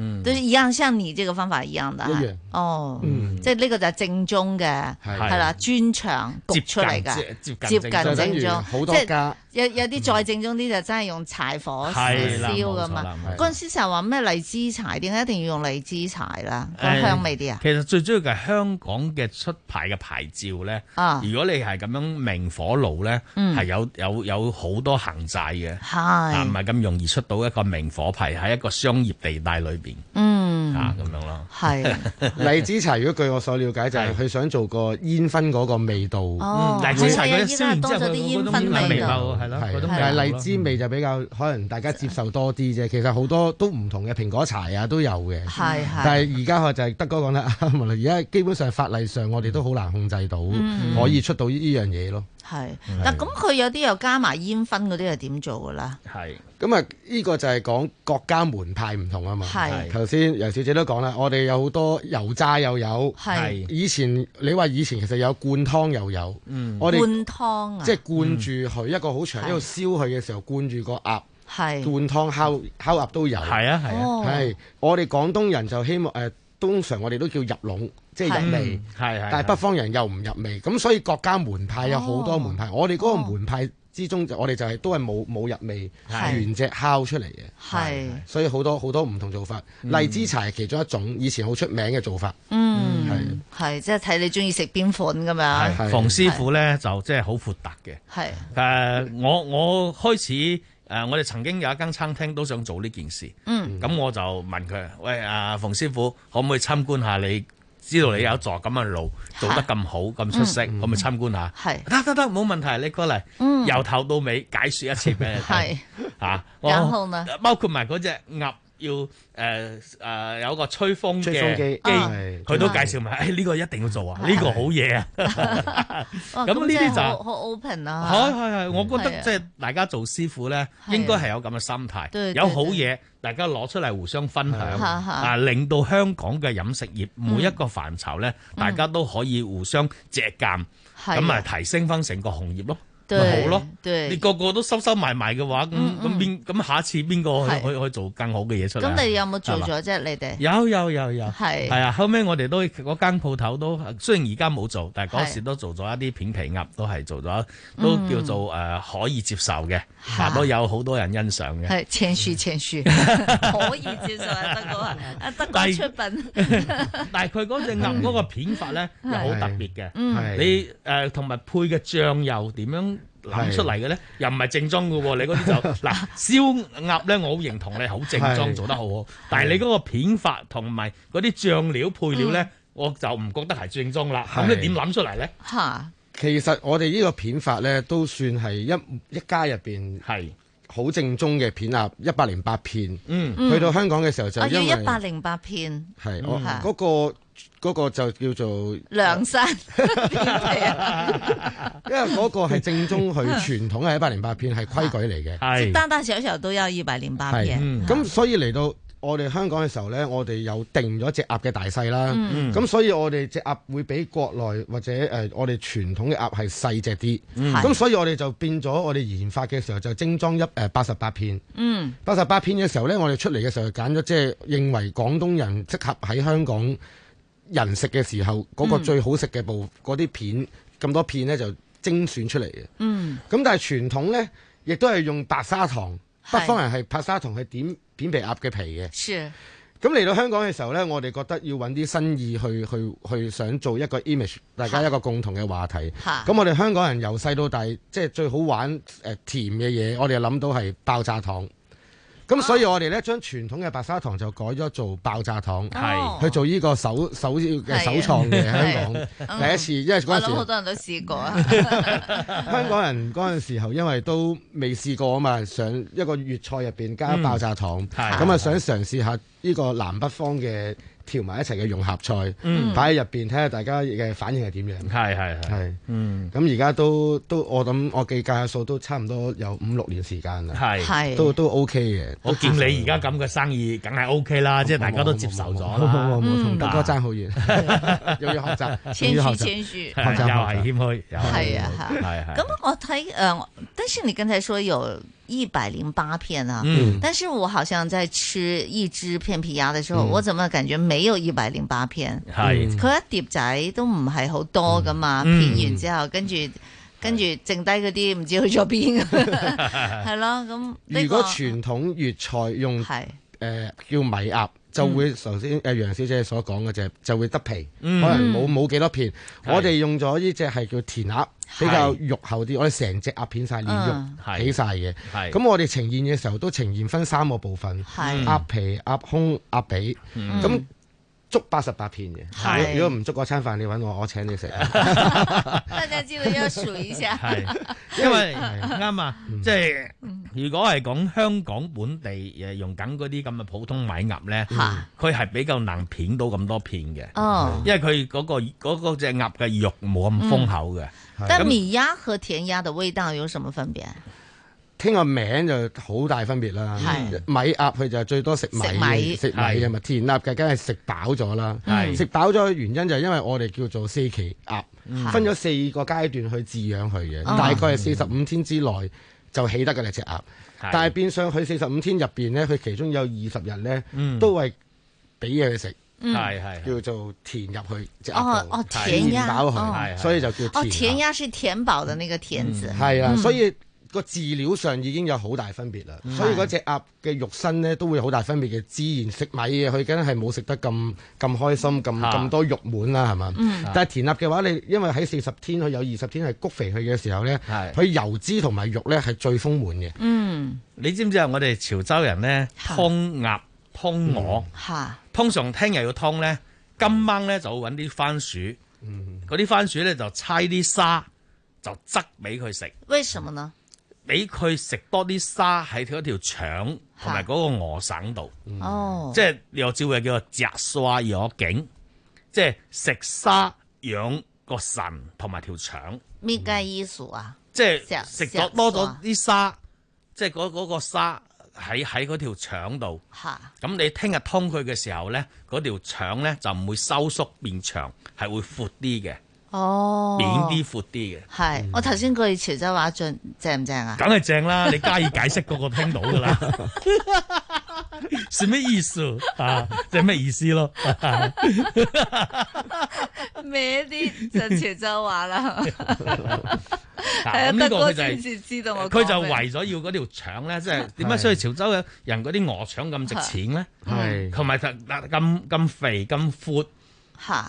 Speaker 6: 嗯，都一樣，像你呢個方法一樣啦，哦，即係呢個就係正宗嘅，係啦，專長焗出嚟嘅，接近正宗，好多有有啲再正宗啲就真係用柴火燒㗎嘛。嗰陣時成日話咩荔枝柴，點解一定要用荔枝柴啦？講香味啲啊。其
Speaker 1: 實最主要係香港嘅出牌嘅牌照咧，如果你係咁樣明火爐咧，係有有有好多限制嘅，係啊，唔係咁容易出到一個明火牌喺一個商業地帶裏邊。嗯，
Speaker 6: 吓咁樣咯
Speaker 1: 是，係 [LAUGHS] 荔枝
Speaker 9: 茶。如果據我所了解，就係、是、佢想做個煙熏嗰個味道，哦嗯、荔枝茶嗰啲先，然之後佢多咗啲煙熏味道，係咯。但係荔枝味就比較可能大家接受多啲啫。其實好多都唔同嘅蘋果茶啊都有嘅，係的但係而家我就係德哥講啦，而家基本上法例上，我哋都好難控制到，嗯、可以出到呢樣嘢咯。
Speaker 6: 係，嗱咁佢有啲又加埋煙燻嗰啲係點做㗎啦？係，咁啊呢
Speaker 9: 個就係講國家門派唔同啊嘛。係是，頭先尤小姐都講啦，我哋有好多油炸又有，係是以前你話以前其實有灌湯又有，嗯，我哋們灌
Speaker 6: 湯啊，即係灌
Speaker 9: 住佢、嗯、一個好長，喺度燒佢嘅時候是灌住個鴨，
Speaker 6: 係是灌湯
Speaker 9: 烤烤鴨都有，係啊係啊，係、啊哦、我哋廣東人就希望誒。呃通常我哋都叫入籠，即係入味，係
Speaker 8: 係。但係北
Speaker 9: 方人又唔入味，咁所以國家門派有好多門派。我哋嗰個門派之中，就我哋就係都係冇冇入味，原隻烤出嚟嘅。係，所以好多好多唔同做法。荔枝柴係其中一種，以前好出名嘅做法。
Speaker 6: 嗯，係即係睇你中意食邊款㗎嘛？馮師傅
Speaker 1: 咧就即係好闊達嘅。係，但我我開始。誒，我哋曾經有一間餐廳都想做呢件事，嗯，咁我就問佢，喂，阿馮師傅，可唔可以參觀下？你知道你有一座咁嘅爐做得咁好，咁出色，可唔可以參觀下。得得得，冇問題，你過嚟，由頭到尾解説一次俾你睇。嚇，包括埋嗰隻鴨。要誒誒有個吹風嘅機，佢都介紹埋，誒呢個一定要做啊！呢個好嘢
Speaker 6: 啊！咁呢啲就好 open 啦。係係係，我覺得即係
Speaker 1: 大家做師傅咧，應該係有咁嘅心態，有好嘢大家攞出嚟互相分享，啊令到香港嘅飲食業每一個範疇咧，大家都可以互相借鑑，咁咪提升翻成個行業咯。
Speaker 6: 好咯，你
Speaker 1: 個個都收收埋埋嘅話，咁咁邊咁下次邊個可以可以做更好嘅嘢出嚟？咁你有冇做咗啫？你哋有有有有，係係啊。後尾我哋都嗰間鋪頭都雖然而家冇做，但係嗰時都做咗一啲片皮鴨，都係做咗，都叫做誒可以接受嘅，都有好多人欣賞嘅。係
Speaker 6: 青樹，青樹可以接受阿德國人，德國出品。但
Speaker 1: 係佢嗰隻鴨嗰個片法咧又好特別嘅，你誒同埋配嘅醬油點樣？諗出嚟嘅咧，又唔係正宗嘅喎，你嗰啲就嗱燒鴨咧，我好認同你，好正宗 [LAUGHS] 做得好好，但係你嗰個片法同埋嗰啲醬料配料咧，我就唔覺得係正宗啦。咁你點諗出嚟咧？吓，
Speaker 9: 其實我哋呢個片法咧，都算係一一家入邊係好正宗嘅片鴨，一百零八片。嗯，去到香港嘅時候就因為一百
Speaker 6: 零八片
Speaker 9: 係，我、嗯嗰個。嗰個就叫做
Speaker 6: 梁生山， [LAUGHS] 因為嗰
Speaker 9: 個係正宗佢傳 [LAUGHS] 統係一百零八片規，係規矩嚟嘅。係是，單
Speaker 6: 單少少都有二百零八片。
Speaker 9: 咁是、嗯、所以嚟到我哋香港嘅時候呢，我哋又定咗隻鴨嘅大細啦。咁、嗯、所以我哋隻鴨會比國內或者誒、呃、我哋傳統嘅鴨係細隻啲。咁、嗯、所以我哋就變咗我哋研發嘅時候就精裝一誒八十八片。嗯，八十八片嘅時候呢，我哋出嚟嘅時候就揀咗即係認為廣東人適合喺香港。人食嘅時候嗰、那個最好食嘅部嗰啲、嗯、片咁多片呢就精選出嚟嘅，咁、嗯、但係傳統呢，亦都係用白砂糖，是北方人係白砂糖去點片皮鴨嘅皮嘅，咁嚟是到香港嘅時候呢，我哋覺得要揾啲新意去去去想做一個 image，大家一個共同嘅話題，咁是我哋香港人由細到大即係最好玩、呃、甜嘅嘢，我哋又諗到係爆炸糖。咁所以我哋咧將傳統嘅白砂糖就改咗做爆炸糖，係、哦、去做呢個首首嘅首創嘅香港的第一次，嗯、因為嗰陣時好
Speaker 6: 多人都試過啊！
Speaker 9: [LAUGHS] 香港人嗰陣時候因為都未試過啊嘛，想一個粵菜入邊加爆炸糖，咁啊、嗯、想嘗試下呢個南北方嘅。調埋一齊嘅融合菜，擺喺入面睇下大家嘅反應係點樣。係係係。係。嗯。咁而家都都我諗我計計下數都差唔多有五六年時間啦。係係。都都 OK 嘅。我見你而
Speaker 1: 家咁嘅生意梗係 OK 啦，即係大家都接受咗啦。冇冇冇同大哥爭好遠，
Speaker 4: 又要學
Speaker 6: 習，又要學習。謙虛又係謙虛。係啊係。係係。咁我睇誒，但是你剛才說有一百零八片啊，嗯、但是我好像在吃一隻片皮鴨的時候，嗯、我怎麼感覺沒有一百零八片？係、嗯，佢一碟仔都唔係好多噶嘛，嗯、片完之後，跟住跟住剩低嗰啲唔知去咗邊，
Speaker 9: 係咯
Speaker 6: 咁。如果
Speaker 9: 傳統粵菜用係誒、 [LAUGHS] 呃、叫米鴨。就會，頭先誒楊小姐所講嘅就係就會得皮，可能冇冇幾多片。我哋用咗呢隻係叫田鴨，比較肉厚啲。我哋成隻鴨片晒，啲肉，起晒嘅。咁我哋呈現嘅時候都呈現分三個部分：鴨皮、鴨胸、鴨髀。咁足八十八片嘅。係，如
Speaker 8: 果
Speaker 1: 唔足嗰餐飯，你搵我，我請你食。
Speaker 8: 大家記得要數一下。
Speaker 1: 因為啱啊，即如果係講香港本地誒用緊嗰啲咁嘅普通米鴨咧，佢係、嗯、比較難片到咁多片嘅。哦、因為佢嗰、嗰個嗰隻鴨嘅肉冇咁豐厚嘅。嗯、但米鴨
Speaker 6: 和田鴨嘅味道有什麼分別？
Speaker 1: 聽個名字就好大分別啦。
Speaker 6: 係
Speaker 9: 米鴨佢就最多食米，食米啊嘛。田鴨嘅梗係食飽咗啦，食飽咗嘅原因就係因為我哋叫做四期鴨，分咗四個階段去飼養佢嘅，是大概係四十五天之內。就起得噶啦隻鴨，但係變相佢四十五天入邊咧，佢其中有二十日咧，嗯、都係俾嘢佢食，係係、嗯、叫做填入去隻鴨肚，填飽佢，所以就叫鴨哦填
Speaker 6: 鴨是填飽的那個填字，係、嗯嗯、啊，所以。
Speaker 9: 嗯個飼料上已經有好大分別啦，所以嗰隻鴨嘅肉身呢，都會好大分別嘅。自然食米佢梗係冇食得咁咁開心、咁咁、啊、多肉滿啦，係嘛？嗯、但係填鴨嘅話，你因為喺四十天，佢有二十天係谷肥佢嘅時候呢，
Speaker 1: 佢油脂同埋肉呢係最豐滿嘅。嗯，你知唔知啊？我哋潮州人咧，通鴨通鵝，通，鵝、嗯、通常聽日要通呢，今晚呢就揾啲番薯，嗰啲番薯呢就猜啲沙，就擠俾佢食。
Speaker 6: 為什麼呢？嗯
Speaker 1: 俾佢食多啲沙喺嗰條腸同埋嗰個鵝腎度，啊嗯、即係又照係叫食沙有景，即係食沙養個腎，同埋條腸。
Speaker 6: 咩嘅意思啊？嗯、即係食咗多咗啲沙，啊、沙，即係嗰個沙
Speaker 1: 喺喺嗰條腸度。咁、啊、你聽日通佢嘅時候咧，嗰條腸咧就唔會收縮變長，係會闊啲嘅。
Speaker 6: 哦，扁啲
Speaker 1: 闊啲嘅，
Speaker 6: 係我頭先句潮州話正正唔正啊？梗係
Speaker 1: 正啦，你加以解釋，個個聽到噶啦，係咩意思啊？係咩意思咯？
Speaker 6: 歪啲就潮州話啦。嗱，咁呢個佢就係佢就為
Speaker 1: 咗要嗰條腸咧，即係點解所以潮州嘅人嗰啲鵝腸咁值錢咧？係同埋就咁咁肥咁闊，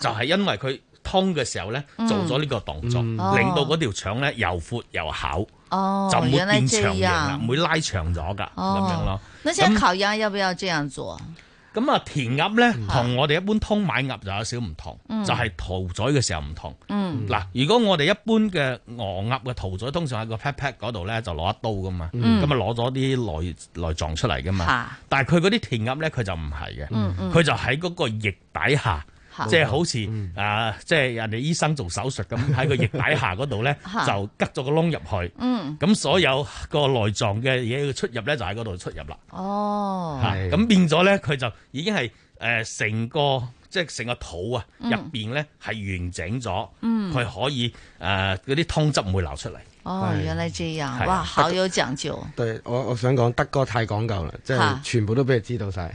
Speaker 1: 就係因為佢。通嘅時候咧，做咗呢個動作，令到嗰條腸咧又闊又厚，
Speaker 6: 就唔會變長形啦，唔
Speaker 1: 會拉長咗噶咁樣咯。那啲
Speaker 6: 烤鴨要不要這樣做？
Speaker 1: 咁啊，填鴨咧同我哋一般通買鴨就有少少唔同，就係屠宰嘅時候唔同。嗱，如果我哋一般嘅鵝鴨嘅屠宰，通常喺個 pat pat 嗰度咧就攞一刀噶嘛，咁啊攞咗啲內內臟出嚟噶嘛。但係佢嗰啲填鴨咧，佢就唔係嘅，佢就喺嗰個翼底下。即係好似啊、嗯呃，即係人哋醫生做手術咁，喺個液底下度咧，就拮咗個窿入去。嗯，咁所有個內臟嘅嘢嘅出入咧，就喺度出入啦。咁是、啊、變咗咧，佢就已經係誒成個即係成個肚啊入邊咧係完整咗，
Speaker 8: 佢、
Speaker 6: 嗯、
Speaker 1: 可以誒啲、呃、湯汁唔會流出嚟。
Speaker 6: 哦，原來這樣，哇，好有講究。
Speaker 9: 對，我我想講，德哥太講究啦，即係
Speaker 1: 全部都俾佢知道晒。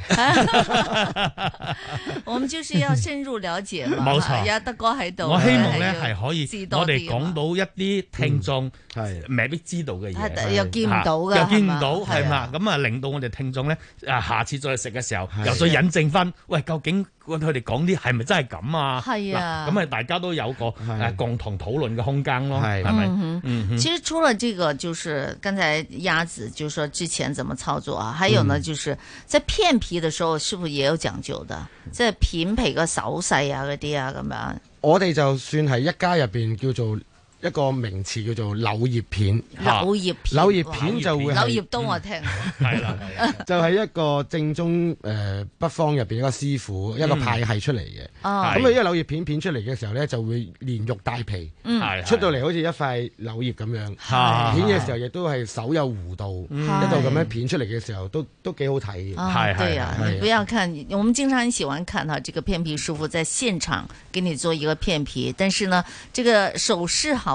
Speaker 6: 我們就是要深入了解嘛，冇錯。啊，德哥喺度，我希望咧係可以，我哋講
Speaker 1: 到一啲聽眾係未必知道嘅嘢，又見唔到噶，又見唔到係嘛？咁啊，令到我哋聽眾咧啊，下次再食嘅時候，又再引證翻，喂，究竟佢哋講啲係咪真係咁啊？係啊，咁啊，大家都有個共同討論嘅空間咯，係咪？其
Speaker 6: 實除了這個，就是剛才鴨子，就是說之前怎麼操作啊？還有呢，就是在片皮的時候，是不是也有講究的？即係片皮個手勢啊，啊，嗰啲啊，咁樣。
Speaker 9: 我哋就算係一家入邊叫做。一個名詞叫做柳葉片，柳葉片就會柳葉刀我聽過，係啦，就係一個正宗誒北方入邊一個師傅一個派系出嚟嘅，咁佢一柳葉片片出嚟嘅時候咧就會連肉帶皮，係出到嚟好似一塊柳葉咁樣，片嘅時候亦都係手有弧度，一道咁樣片出嚟嘅時候都都幾好睇嘅。係係，你不
Speaker 6: 要看，我們經常很喜歡看到，這個片皮師傅在現場給你做一個片皮，但是呢，這個手勢好。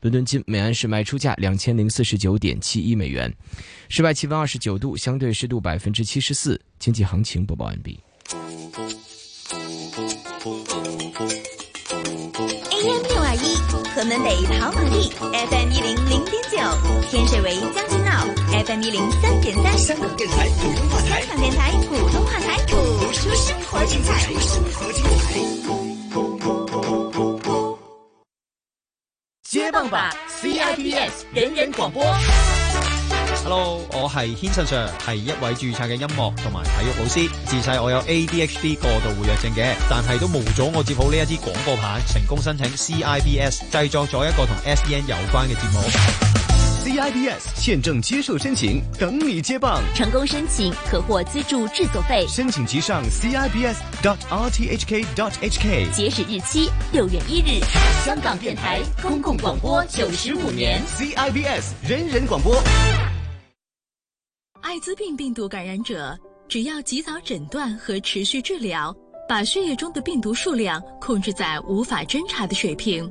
Speaker 2: 倫敦金每盎司賣出價兩千零四十九點七一美元，室外氣温二十九度，相對濕度百分之七十四。經濟行情播報完畢。
Speaker 8: AM
Speaker 6: 六二一，河門北跑馬地；FM 一零零點九，天水圍將軍澳；FM 一零三點三，香港電台
Speaker 3: 普通話台。接業
Speaker 1: 棒吧 c i b s 人人廣播，Hello，我係軒信 Sir，係一位註冊嘅音樂同埋體育老師。自細我有 ADHD 過度活躍症嘅，但係都冇阻我接好呢一支廣告牌，成功申請 c i b s，製作咗一個同 SEN 有關嘅節目。
Speaker 4: CIBS 現正接受申請，等你接棒。成功申請可獲資助製作費。申請即上 CIBS.rthk.hk。截止日期六月一日。香港電台公共廣播九十五年。CIBS 人人廣播。
Speaker 6: 艾滋病病毒感染者只要及早診斷和持續治療，把血液中的病毒數量控制在無法偵查的水平。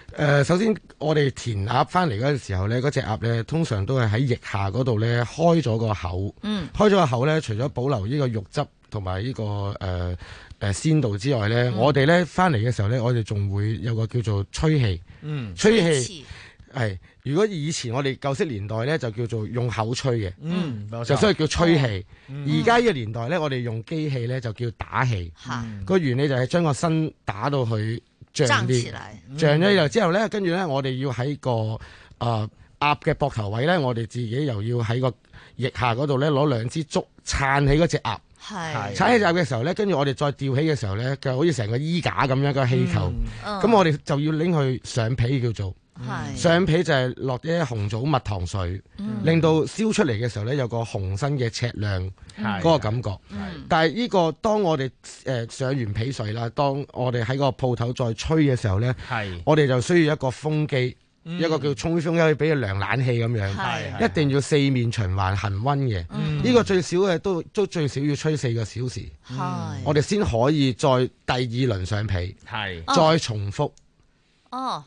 Speaker 9: 誒、呃，首先我哋填鴨翻嚟嗰陣時候咧，嗰隻鴨咧通常都係喺腋下嗰度咧開咗個口，嗯、開咗個口咧，除咗保留呢個肉汁同埋呢個誒誒鮮度之外咧、嗯，我哋咧翻嚟嘅時候咧，我哋仲會有個叫做吹氣，吹氣係。如果以前我哋舊式年代咧，就叫做用口吹嘅，嗯、就所以叫吹氣。嗯、而家呢個年代咧，我哋用機器咧就叫打氣。個、嗯、原理就係將個身打到去。脹啲，
Speaker 8: 脹咗
Speaker 9: 又之後咧，跟住咧，我哋要喺個啊鴨嘅膊頭位咧，我哋自己又要喺個腋下嗰度咧攞兩支竹撐起嗰隻鴨，係是撐起隻鴨嘅時候咧，跟住我哋再吊起嘅時候咧，就好似成個衣架咁樣一個氣球，咁、嗯嗯、我哋就要拎去上皮叫做。上皮就係落啲紅棗蜜糖水，令到燒出嚟嘅時候呢，有個紅身嘅赤亮嗰個感覺。但係呢個當我哋誒上完皮水啦，當我哋喺個鋪頭再吹嘅時候呢，我哋就需要一個風機，一個叫沖風一去俾涼冷氣咁樣，一定要四面循環恆溫嘅。呢個最少嘅都都最少要吹四個小時，我哋先可以再第二輪上皮，再重複。
Speaker 6: 哦，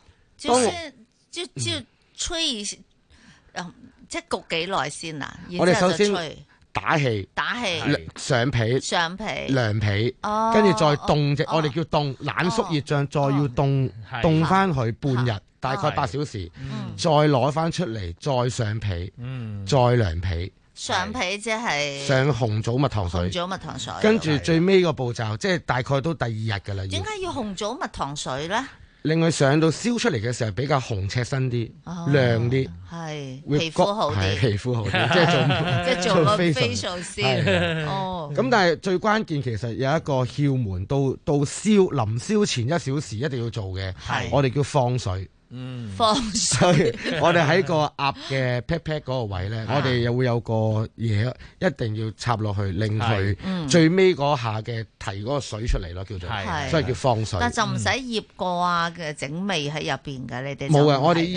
Speaker 6: 即即吹，即焗幾耐先啊？我哋首先
Speaker 9: 打氣，打氣上皮，上皮涼皮，跟住再凍隻，我哋叫凍冷縮熱脹，再要凍凍翻佢半日，大概八小時，再攞翻出嚟，再上皮，再涼皮。
Speaker 6: 上皮即係上
Speaker 9: 紅棗蜜糖水，紅棗
Speaker 6: 蜜糖水。跟住
Speaker 9: 最尾個步驟，即係大概都第二日噶啦。點解
Speaker 6: 要紅棗蜜糖水咧？
Speaker 9: 令佢上到燒出嚟嘅時候比較紅、赤身啲、哦、亮啲，係是皮膚好啲，皮膚好啲， [LAUGHS] 即係做即係 [LAUGHS] 做個飛水先。 [LAUGHS] 哦，咁但係最關鍵其實有一個竅門，到到燒臨燒前一小時一定要做嘅，係是我哋叫放水。嗯，放水。我哋喺個鴨嘅 pat pat 嗰個位咧， [LAUGHS] 我哋又會有個嘢，一定要插落去，令佢最尾嗰下嘅提嗰個水出嚟咯，叫做，的所以叫放水。的但就唔使
Speaker 6: 醃過啊嘅整味喺入邊嘅，嗯、你哋冇啊。我哋呢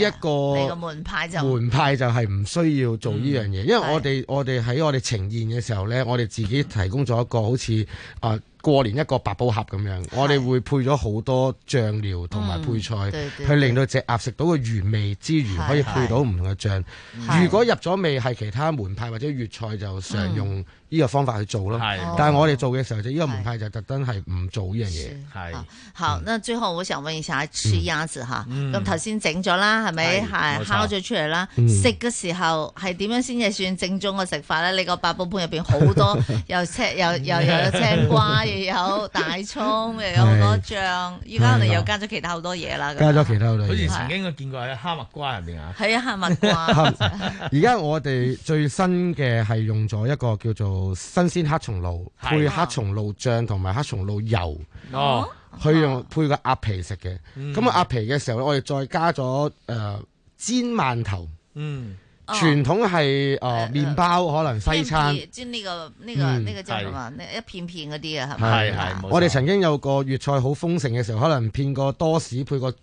Speaker 6: 一個門派就門
Speaker 9: 派就係唔需要做呢樣嘢，嗯、因為我哋的我哋喺我哋呈現嘅時候咧，我哋自己提供咗一個好似啊。呃過年一個八寶盒咁樣，是我哋會配咗好多醬料同埋配菜，嗯、對對對去令到隻鴨食到嘅原味之餘，對對對可以配到唔同嘅醬。對對對如果入咗味，係其他門派或者粵菜就常用。是嗯呢個方法去做咯，但係我哋做嘅時候，就呢個門派就特登係唔做呢樣嘢。
Speaker 6: 係好。那最後我想問一下，食鴨子嚇咁頭先整咗啦，係咪係烤咗出嚟啦？食嘅時候係點樣先至算正宗嘅食法咧？你個八寶盤入邊好多，有青有又有青瓜，又有大葱，又有好多醬，依家我哋又加咗其他好多嘢啦。加咗其他好多嘢。
Speaker 9: 好似曾
Speaker 1: 經我見過喺哈密瓜入邊
Speaker 6: 啊。係啊，哈密
Speaker 9: 瓜。而家我哋最新嘅係用咗一個叫做。新鮮黑松露配黑松露醬同埋黑松露油，哦、啊，去用配個鴨皮食嘅，咁啊鴨皮嘅時候咧，我哋再加咗誒、呃、煎饅頭，嗯。傳統係誒麵包，可能西餐煎呢
Speaker 6: 個呢個呢個啫嘛，一片片嗰啲嘅係嘛？係係。我哋
Speaker 9: 曾經有個粵菜好豐盛嘅時候，可能片個多士配個誒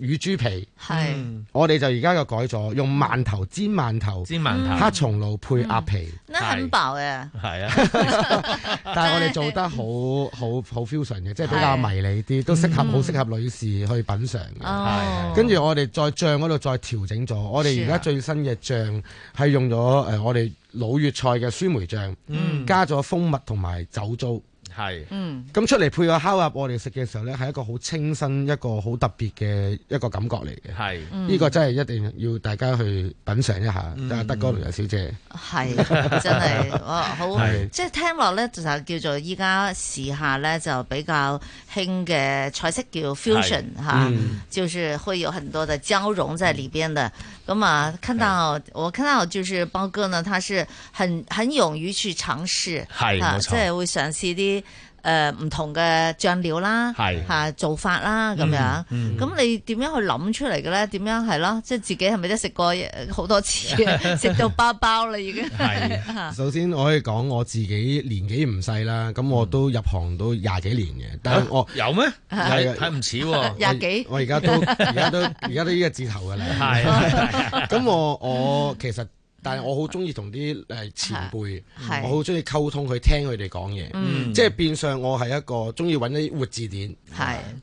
Speaker 9: 乳豬皮。
Speaker 6: 係。
Speaker 9: 我哋就而家就改咗，用饅頭煎饅頭，煎饅頭黑松露配鴨皮，
Speaker 6: 嗱，很飽嘅。係啊。但係我哋做得
Speaker 9: 好好好 fusion 嘅，即係比較迷你啲，都適合好適合女士去品嚐嘅。
Speaker 8: 係。跟
Speaker 9: 住我哋再醬嗰度再調整咗，我哋而家最新嘅醬。係用咗誒、呃，我哋老粵菜嘅酸梅醬，嗯、加咗蜂蜜同埋酒糟，
Speaker 1: 係是，
Speaker 9: 咁、嗯、出嚟配個烤鴨，我哋食嘅時候咧，係一個好清新、一個好特別嘅一個感覺嚟嘅。係是，呢、嗯、個真係一定要大家去品嘗一下。嗯、下德哥同小姐，係真係、 [LAUGHS] 哦、好，
Speaker 6: 即係是聽落咧就叫做依家時下咧就比較興嘅菜式，叫 fusion 吓，就是會有很多的交融在裏邊嘅。嗯咁啊，看到、嗯、我看到就是包哥呢，他是很很勇於去嘗試，係嘿啊，即係會嘗試啲。錯誒，唔同嘅醬料啦，吓做法啦，咁樣，咁你點樣去諗出嚟嘅咧？點樣係咯？即係自己係咪都食過好多次，食到包包啦已經。係，
Speaker 9: 首先我可以講我自己年紀唔細啦，咁我都入行都廿幾年嘅，但係我有咩？係啊，睇唔似喎。廿幾？我而家都而家都而家都呢個字頭㗎啦。係，咁我我其實。但係我好中意同啲誒前輩，我好中意溝通去聽佢哋講嘢，嗯、即係變相我係一個中意揾一啲活字典，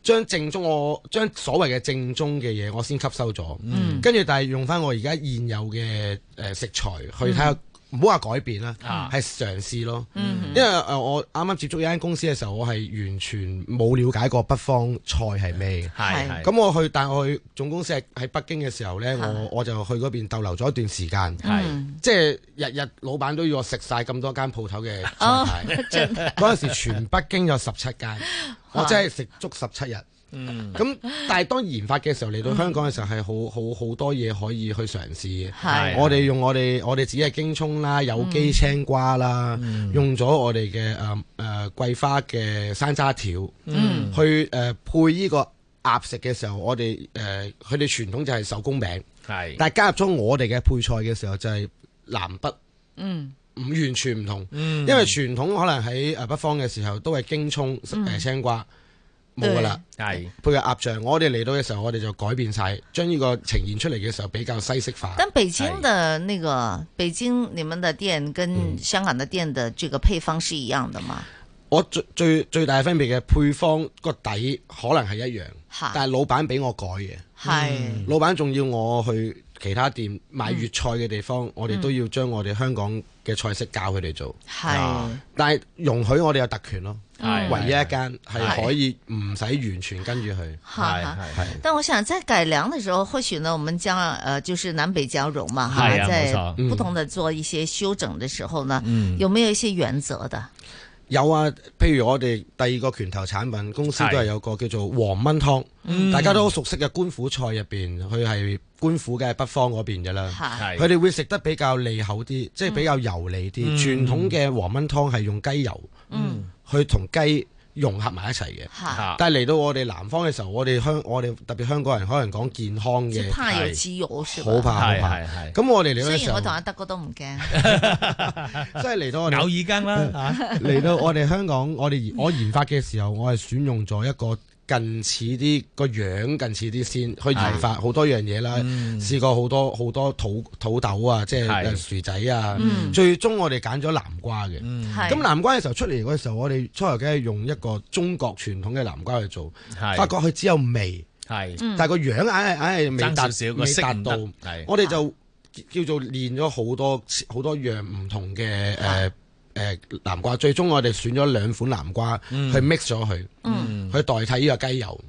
Speaker 9: 將是正宗我將所謂嘅正宗嘅嘢我先吸收咗，跟住、嗯、但係用翻我而家現有嘅誒食材去睇下、嗯。唔好話改變啦，係嘗試咯。嗯、哼因為誒，我啱啱接觸一間公司嘅時候，我係完全冇了解過北方菜系咩係，咁我去，但我去總公司喺北京嘅時候呢，是我我就去嗰邊逗留咗一段時間。係是，是即係日日老闆都要我食晒咁多間鋪頭嘅餐牌。嗰陣時全北京有十七間， [LAUGHS] 我真係食足十七日。嗯，咁但係當研發嘅時候，嚟到香港嘅時候係好好好多嘢，可以去嘗試嘅。係，我哋用我哋我哋自己係京蔥啦，有機青瓜啦，用咗我哋嘅誒誒桂花嘅山楂條，嗯，去誒配呢個鴨食嘅時候，我哋誒佢哋傳統就係手工餅，係，但係加入咗我哋嘅配菜嘅時候就係南北，嗯，唔完全唔同，嗯，因為傳統可能喺誒北方嘅時候都係京蔥誒青瓜。冇噶啦，係配合鴨醬。我哋嚟到嘅時候，我哋就改變晒，將呢個呈現出嚟嘅時候比較西式化。但北京的
Speaker 6: 那個是北京，你們的店跟香港的店的這個配方是一樣的嗎？
Speaker 9: 我最最最大的分別嘅配方，個底可能係一樣，但係老闆俾我改嘅，係是、嗯、老闆仲要我去其他店買粵菜嘅地方，嗯、我哋都要將我哋香港。嘅菜式教佢哋做。係，但係容許我哋有特權咯，
Speaker 6: 唯一一間
Speaker 9: 係可以唔使完全跟住佢。係，但
Speaker 6: 我想在改良嘅時候，或許呢，我們將，呃，就是南北交融嘛，哈，在不同的做一些修整的時候呢，有沒有一些原則的？
Speaker 9: 有啊，譬如我哋第二個拳頭產品公司都係有個叫做黃燜湯，的大家都好熟悉嘅官府菜入邊，佢係官府嘅，北方嗰邊嘅啦。佢哋的會食得比較利口啲，嗯、即係比較油膩啲。傳、嗯、統嘅黃燜湯係用雞油，去同雞。融合埋一齊嘅，的但係嚟到我哋南方嘅時候，我哋香我哋特別香港人可能講健康嘅，
Speaker 6: 好怕，好怕，
Speaker 9: 咁的我哋嚟之前我同
Speaker 6: 阿德哥都唔驚，即係嚟到我哋有耳根啦。嚟 [LAUGHS] 到我
Speaker 9: 哋香港，我哋我研發嘅時候，我係選用咗一個。近似啲個樣近似啲，先去研發好多樣嘢啦，的嗯、試過好多好多土土豆啊，即係薯的、嗯、仔啊，嗯、最終我哋揀咗南瓜嘅。咁的、嗯、南瓜嘅時候出嚟嘅時候，我哋初頭梗係用一個中國傳統嘅南瓜去做，發覺佢只有味，的嗯、但係個樣硬係硬係未達到，個色度，我哋就叫做練咗好多好多樣唔同嘅誒。呃的誒，南瓜最終我哋選咗兩款南瓜去 mix 咗佢，嗯嗯、去代替呢個雞油。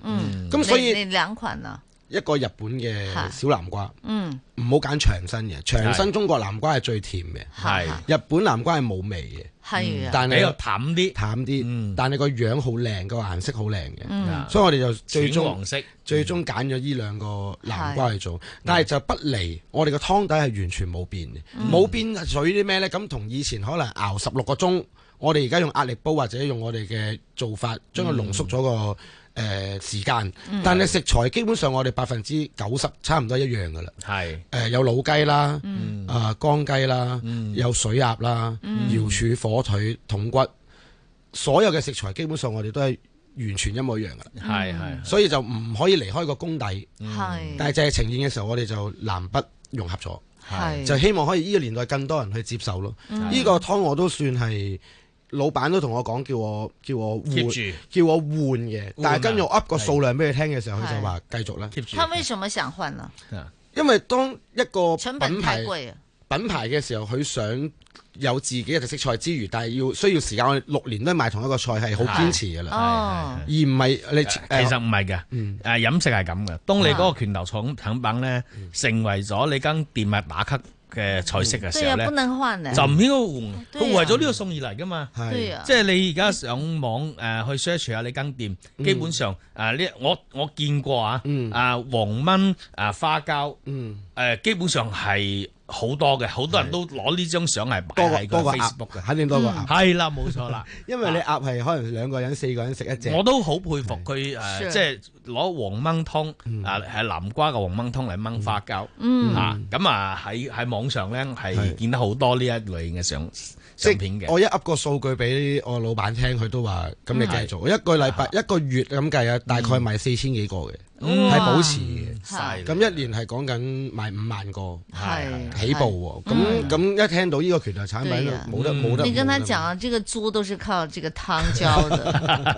Speaker 6: 咁、嗯、所以兩款啊，
Speaker 9: 一個日本嘅小南瓜，嗯，唔好揀長身嘅，長身中國南瓜係最甜嘅，係是日本南瓜係冇味嘅。
Speaker 8: 係、嗯，但係你又
Speaker 9: 淡啲，淡啲。嗯、但係個樣好靚，個顏色好靚嘅，嗯、所以我哋就最終黃色，最終揀咗呢兩個南瓜去做。嗯、但係就不離我哋個湯底係完全冇變嘅，冇、嗯、變係屬於啲咩呢？咁同以前可能熬十六個鐘，我哋而家用壓力煲或者用我哋嘅做法，將佢濃縮咗個。嗯誒時間，但係食材基本上我哋百分之九十差唔多一樣嘅啦。係，誒有老雞啦，啊乾雞啦，有水鴨啦，瑤柱、火腿筒骨，所有嘅食材基本上我哋都係完全一模一樣嘅。係
Speaker 1: 係，
Speaker 9: 所以就唔可以離開個功底。
Speaker 3: 係，但係就係
Speaker 9: 呈現嘅時候，我哋就南北融合咗。係，就希望可以呢個年代更多人去接受咯。呢個湯我都算係。老闆都同我講，叫我叫我換，叫我換嘅。但係跟住 up 個數量俾佢聽嘅時候，佢就話繼續啦。佢
Speaker 6: 為什麼想換呢？因為當一個品牌
Speaker 9: 品牌嘅時候，佢想有自己嘅特色菜之餘，但係要需要時間，我哋六年都係賣同一個菜系
Speaker 1: 好堅持噶啦，而唔係你其實唔係嘅。誒，飲食係咁嘅。當你嗰個拳頭廠產品咧，成為咗你間店嘅打卡嘅菜式嘅時候咧，嗯啊不能啊、就唔應該換，佢、啊、為咗呢個餸而嚟噶嘛。係，即係你而家上網誒去 search 下、啊、你間店，啊、基本上誒呢、嗯啊，我我見過啊，嗯、啊黃燜啊花膠，誒、嗯啊、基本上係。好多嘅，好多人都攞呢張相嚟擺喺嗰個 Facebook 嘅，肯定多過鴨。
Speaker 9: 係啦，冇錯啦，因為你鴨係可能兩個人、四個人食一隻。我都好佩服佢誒，即係
Speaker 1: 攞黃燜湯啊，係南瓜嘅黃燜湯嚟掹花膠。啊咁啊喺喺網上咧係見到好多呢一類型嘅相相片嘅。我一噏個數據俾我老闆聽，佢都話：
Speaker 9: 咁你繼續做一個禮拜一個月咁計啊，大概賣四千幾個嘅。係保持嘅，咁一年係講緊賣五萬個，係起步喎。咁咁一聽到呢個拳頭產品，冇得冇得。你跟他講
Speaker 6: 啊，這個豬都是靠這個湯澆的。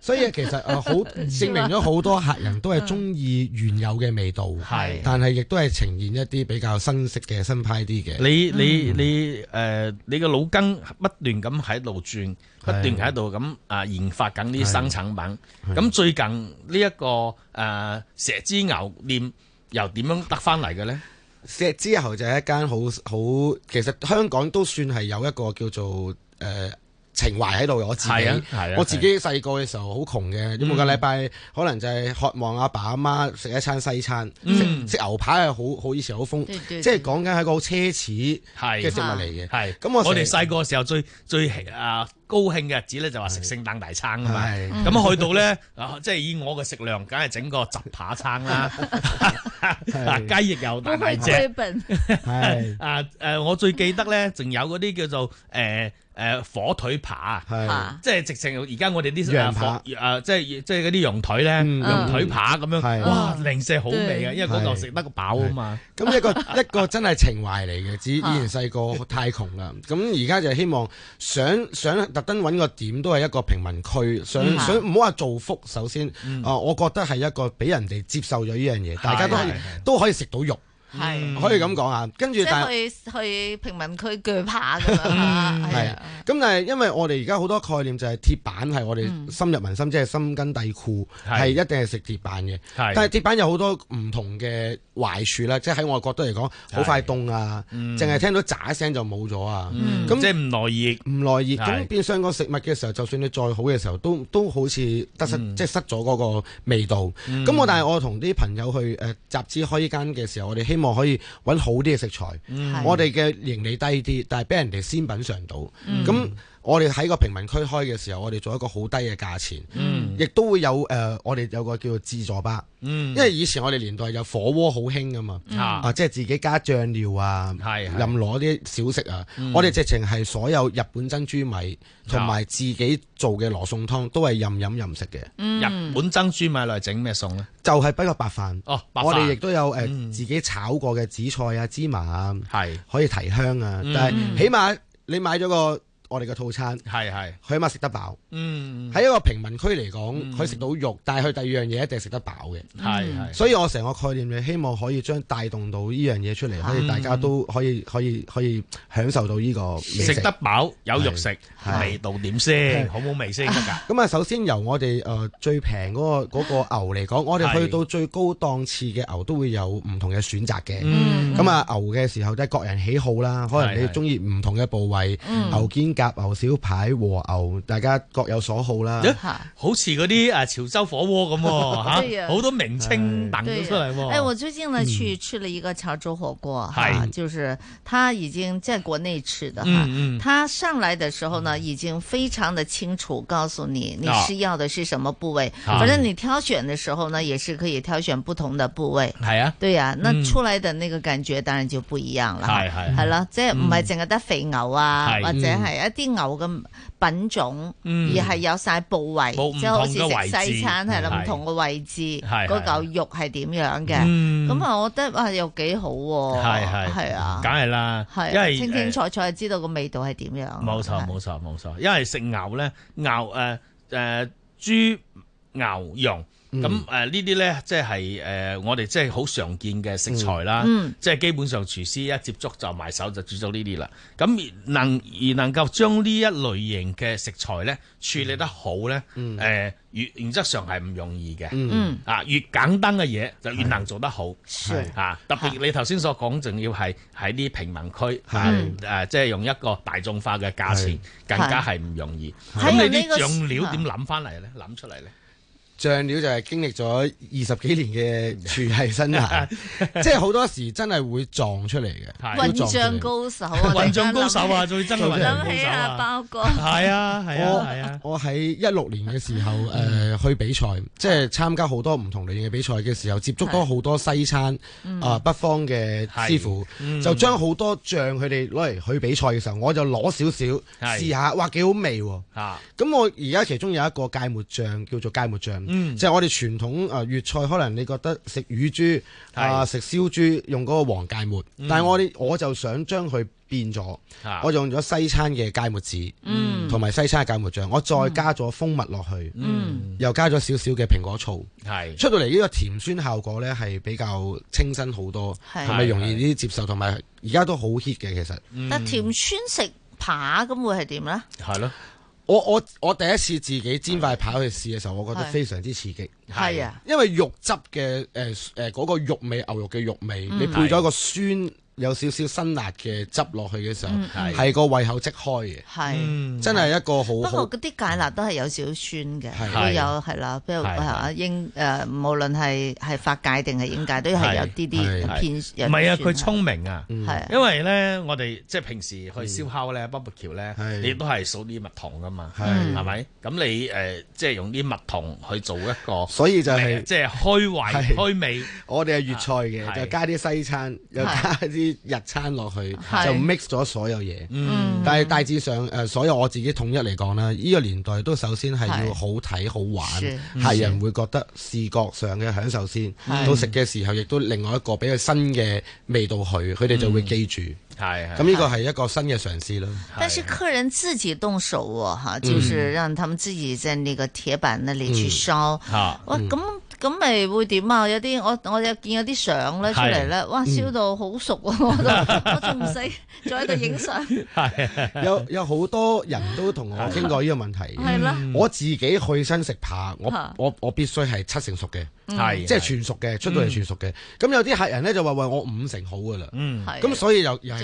Speaker 9: 所以其實啊，好證明咗好多客人都係中意原有嘅味道，係，但係亦都係呈現一啲比較新式嘅新
Speaker 1: 派啲嘅。你你你，誒，你嘅腦筋不斷咁喺度轉。不斷喺度咁啊研發緊啲生產品，咁最近呢、這、一個誒石之牛店又點樣得翻嚟得返嚟嘅
Speaker 9: 咧？石之牛就係一間好好，其實香港都算係有一個叫做誒、呃、情懷喺度。我自己，的的我自己細個嘅時候好窮嘅，每有有個禮拜、嗯、可能就係渴望阿爸阿媽食一餐西餐，食、嗯、牛扒係好好以前好豐，即係講緊係個
Speaker 1: 奢侈嘅食物嚟嘅。係咁，是的我我哋細個嘅時候最最，最啊～高興嘅日子咧就話食聖誕大餐啊嘛，咁去到咧，啊即係以我嘅食量，梗係整個雜扒餐啦，雞翼又大隻，係啊誒，我最記得咧，仲有嗰啲叫做誒誒火腿扒啊，即係直情而家我哋啲羊扒，誒即係即係嗰啲羊腿咧，羊腿扒咁樣，哇零舍好味啊，因為嗰嚿食得飽啊嘛，
Speaker 9: 咁一個一個真係情懷嚟嘅，只以前細個太窮啦，咁而家就希望想想等揾個點都係一個平民區，想想唔好話造福。首先，啊，我覺得係一個俾人哋接受咗呢樣嘢，大家都都可以食到肉，係可以咁講啊。跟住但即係
Speaker 6: 去去平民區鋸扒咁樣係。
Speaker 9: 咁但係因為我哋而家好多概念就係鐵板係我哋深入民心，即係深根蒂固，係一定係食鐵板嘅。但係鐵板有好多唔同嘅。壞處啦，即係喺外國都嚟講，好快凍啊！淨係聽到喳聲就冇咗啊！咁即係唔耐熱，唔耐熱，咁變相嗰食物嘅時候，就算你再好嘅時候，都都好似得失，即係失咗嗰個味道。咁我但係我同啲朋友去誒集資開依間嘅時候，我哋希望可以揾好啲嘅食材，我哋嘅盈利低啲，但係俾人哋先品嘗到咁。我哋喺個平民區開嘅時候，我哋做一個好低嘅價錢，嗯，亦都會有誒、呃，我哋有個叫做自助吧，嗯，因為以前我哋年代有火鍋好興噶嘛，啊，啊，即係自己加醬料啊，係是任攞啲小食啊，嗯、我哋直情係所有日本珍珠米同埋自己做嘅羅宋湯都係任飲任食嘅。日本珍珠米嚟整咩餸呢？就係畀個白飯哦，白飯我哋亦都有誒自己炒過嘅紫菜啊、芝麻啊，係是可以提香啊。嗯、但係起碼你買咗個。我哋嘅套餐係係，佢起碼食得飽。嗯，喺一個平民區嚟講，佢食到肉，但係佢第二樣嘢一定食得飽嘅。係所以我成個概念，你希望可以將帶動到呢樣嘢出嚟，可以大家都可以可以可以享受到呢個食得
Speaker 1: 飽、有肉食味道點先，好冇味先得㗎。
Speaker 9: 咁啊，首先由我哋誒最平嗰個牛嚟講，我哋去到最高檔次嘅牛都會有唔同嘅選擇嘅。咁啊，牛嘅時候即係各人喜好啦，可能你中意唔同嘅部位，牛肩牛小排和牛，
Speaker 1: 大家各有所好啦。好似嗰啲啊潮州火鍋咁，吓好多名稱等咗出嚟。誒，我最近呢去
Speaker 6: 吃了一個潮州火鍋，就是他已經在國內吃的哈。他上來的時候呢，已經非常的清楚告訴你，你需要的是什麼部位。反正你挑選的時候呢，也是可以挑選不同的部位。
Speaker 8: 係啊，對啊，那出
Speaker 6: 來的那個感覺當然就不一樣啦。係係，係啦，即係唔係淨係得肥牛啊，或者係啊。一啲牛嘅品種，而係有晒部位，即係好似食西餐係啦，唔同嘅位置，嗰嚿肉係點樣嘅？咁啊，我覺得啊又幾好喎，係係啊，
Speaker 1: 梗係啦，因為清清楚
Speaker 6: 楚知道個味道係點樣。冇錯冇
Speaker 1: 錯冇錯，因為食牛咧，牛誒豬牛羊。咁誒呢啲呢，即係誒我哋即係好常見嘅食材啦，即係基本上廚師一接觸就埋手就煮咗呢啲啦。咁能而能夠將呢一類型嘅食材呢處理得好呢，誒，原則上係唔容易嘅。嗯啊，越簡單嘅嘢就越能做得好。係啊，特別你頭先所講，仲要係喺啲平民區，係，即係用一個大眾化嘅價錢，更加係唔容易。咁你啲醬料點諗翻嚟呢？諗出嚟呢？
Speaker 9: 醬料就係經歷咗二十幾年嘅廚藝生涯，即係好多時真係會撞出嚟嘅。混醬
Speaker 6: 高手啊！混醬高手啊！最真嘅混醬高手啊！係啊！係啊！
Speaker 9: 我喺一六年嘅時候誒去比賽，即係參加好多唔同類型嘅比賽嘅時候，接觸到好多西餐啊、北方嘅師傅，就將好多醬佢哋攞嚟去比賽嘅時候，我就攞少少試下，哇幾好味喎！咁我而家其中有一個芥末醬叫做芥末醬。即係我哋傳統誒粵菜，可能你覺得食乳豬，係食燒豬用嗰個黃芥末，但係我哋我就想將佢變咗，我用咗西餐嘅芥末籽，嗯，同埋西餐芥末醬，我再加咗蜂蜜落去，嗯，又加咗少少嘅蘋果醋，
Speaker 8: 係
Speaker 9: 出到嚟呢個甜酸效果呢，係比較清新好多，係咪容易啲接受？同埋而家都好 hit 嘅其實，但甜
Speaker 6: 酸食扒咁會係點呢？
Speaker 9: 係咯。我我我第一次自己煎塊跑去試嘅時候，我覺得非常之刺激，係啊，係啊，因為肉汁嘅誒誒嗰個肉味，牛肉嘅肉味，嗯，你配咗一個酸。有少少辛辣嘅汁落去嘅時候，係個胃口即開嘅，係真係一個好。不過嗰
Speaker 6: 啲芥辣都係有少少酸嘅，有係啦，比如阿英誒，無論係係法芥定係英芥，都係有啲啲偏酸。唔係啊，佢聰明啊，係因為
Speaker 1: 咧，我哋即係平時去燒烤咧，barbecue 咧，你都係數啲蜜糖噶嘛，係咪？咁你誒，即係用啲蜜糖去做一個，所以就係即係開胃開味。
Speaker 9: 我哋係粵菜嘅，就加啲西餐，又加啲。啲日餐落去是就 mix 咗所有嘢，嗯、但係大致上誒、呃，所有我自己統一嚟講啦，呢、這個年代都首先係要好睇好玩，客人會覺得視覺上嘅享受先，是到食嘅時候亦都另外一個比較新嘅味道去，佢哋就會記住。係，咁呢個係一個新嘅嘗試咯。但是
Speaker 6: 客人自己動手喎，哈，就是讓他們自己在那個鐵板那裡去燒。
Speaker 8: 咁
Speaker 6: 咁咪會點啊？有啲我我有見有啲相咧出嚟咧，哇，燒到好熟，我都我仲
Speaker 3: 唔使再喺度影相。
Speaker 9: 有有好多人都同我傾過呢個問題。係我自己去親食扒，我我我必須係七成熟嘅，係，即係全熟嘅，出到嚟全熟嘅。咁有啲客人咧就話喂我五成好噶啦，咁所以又又係。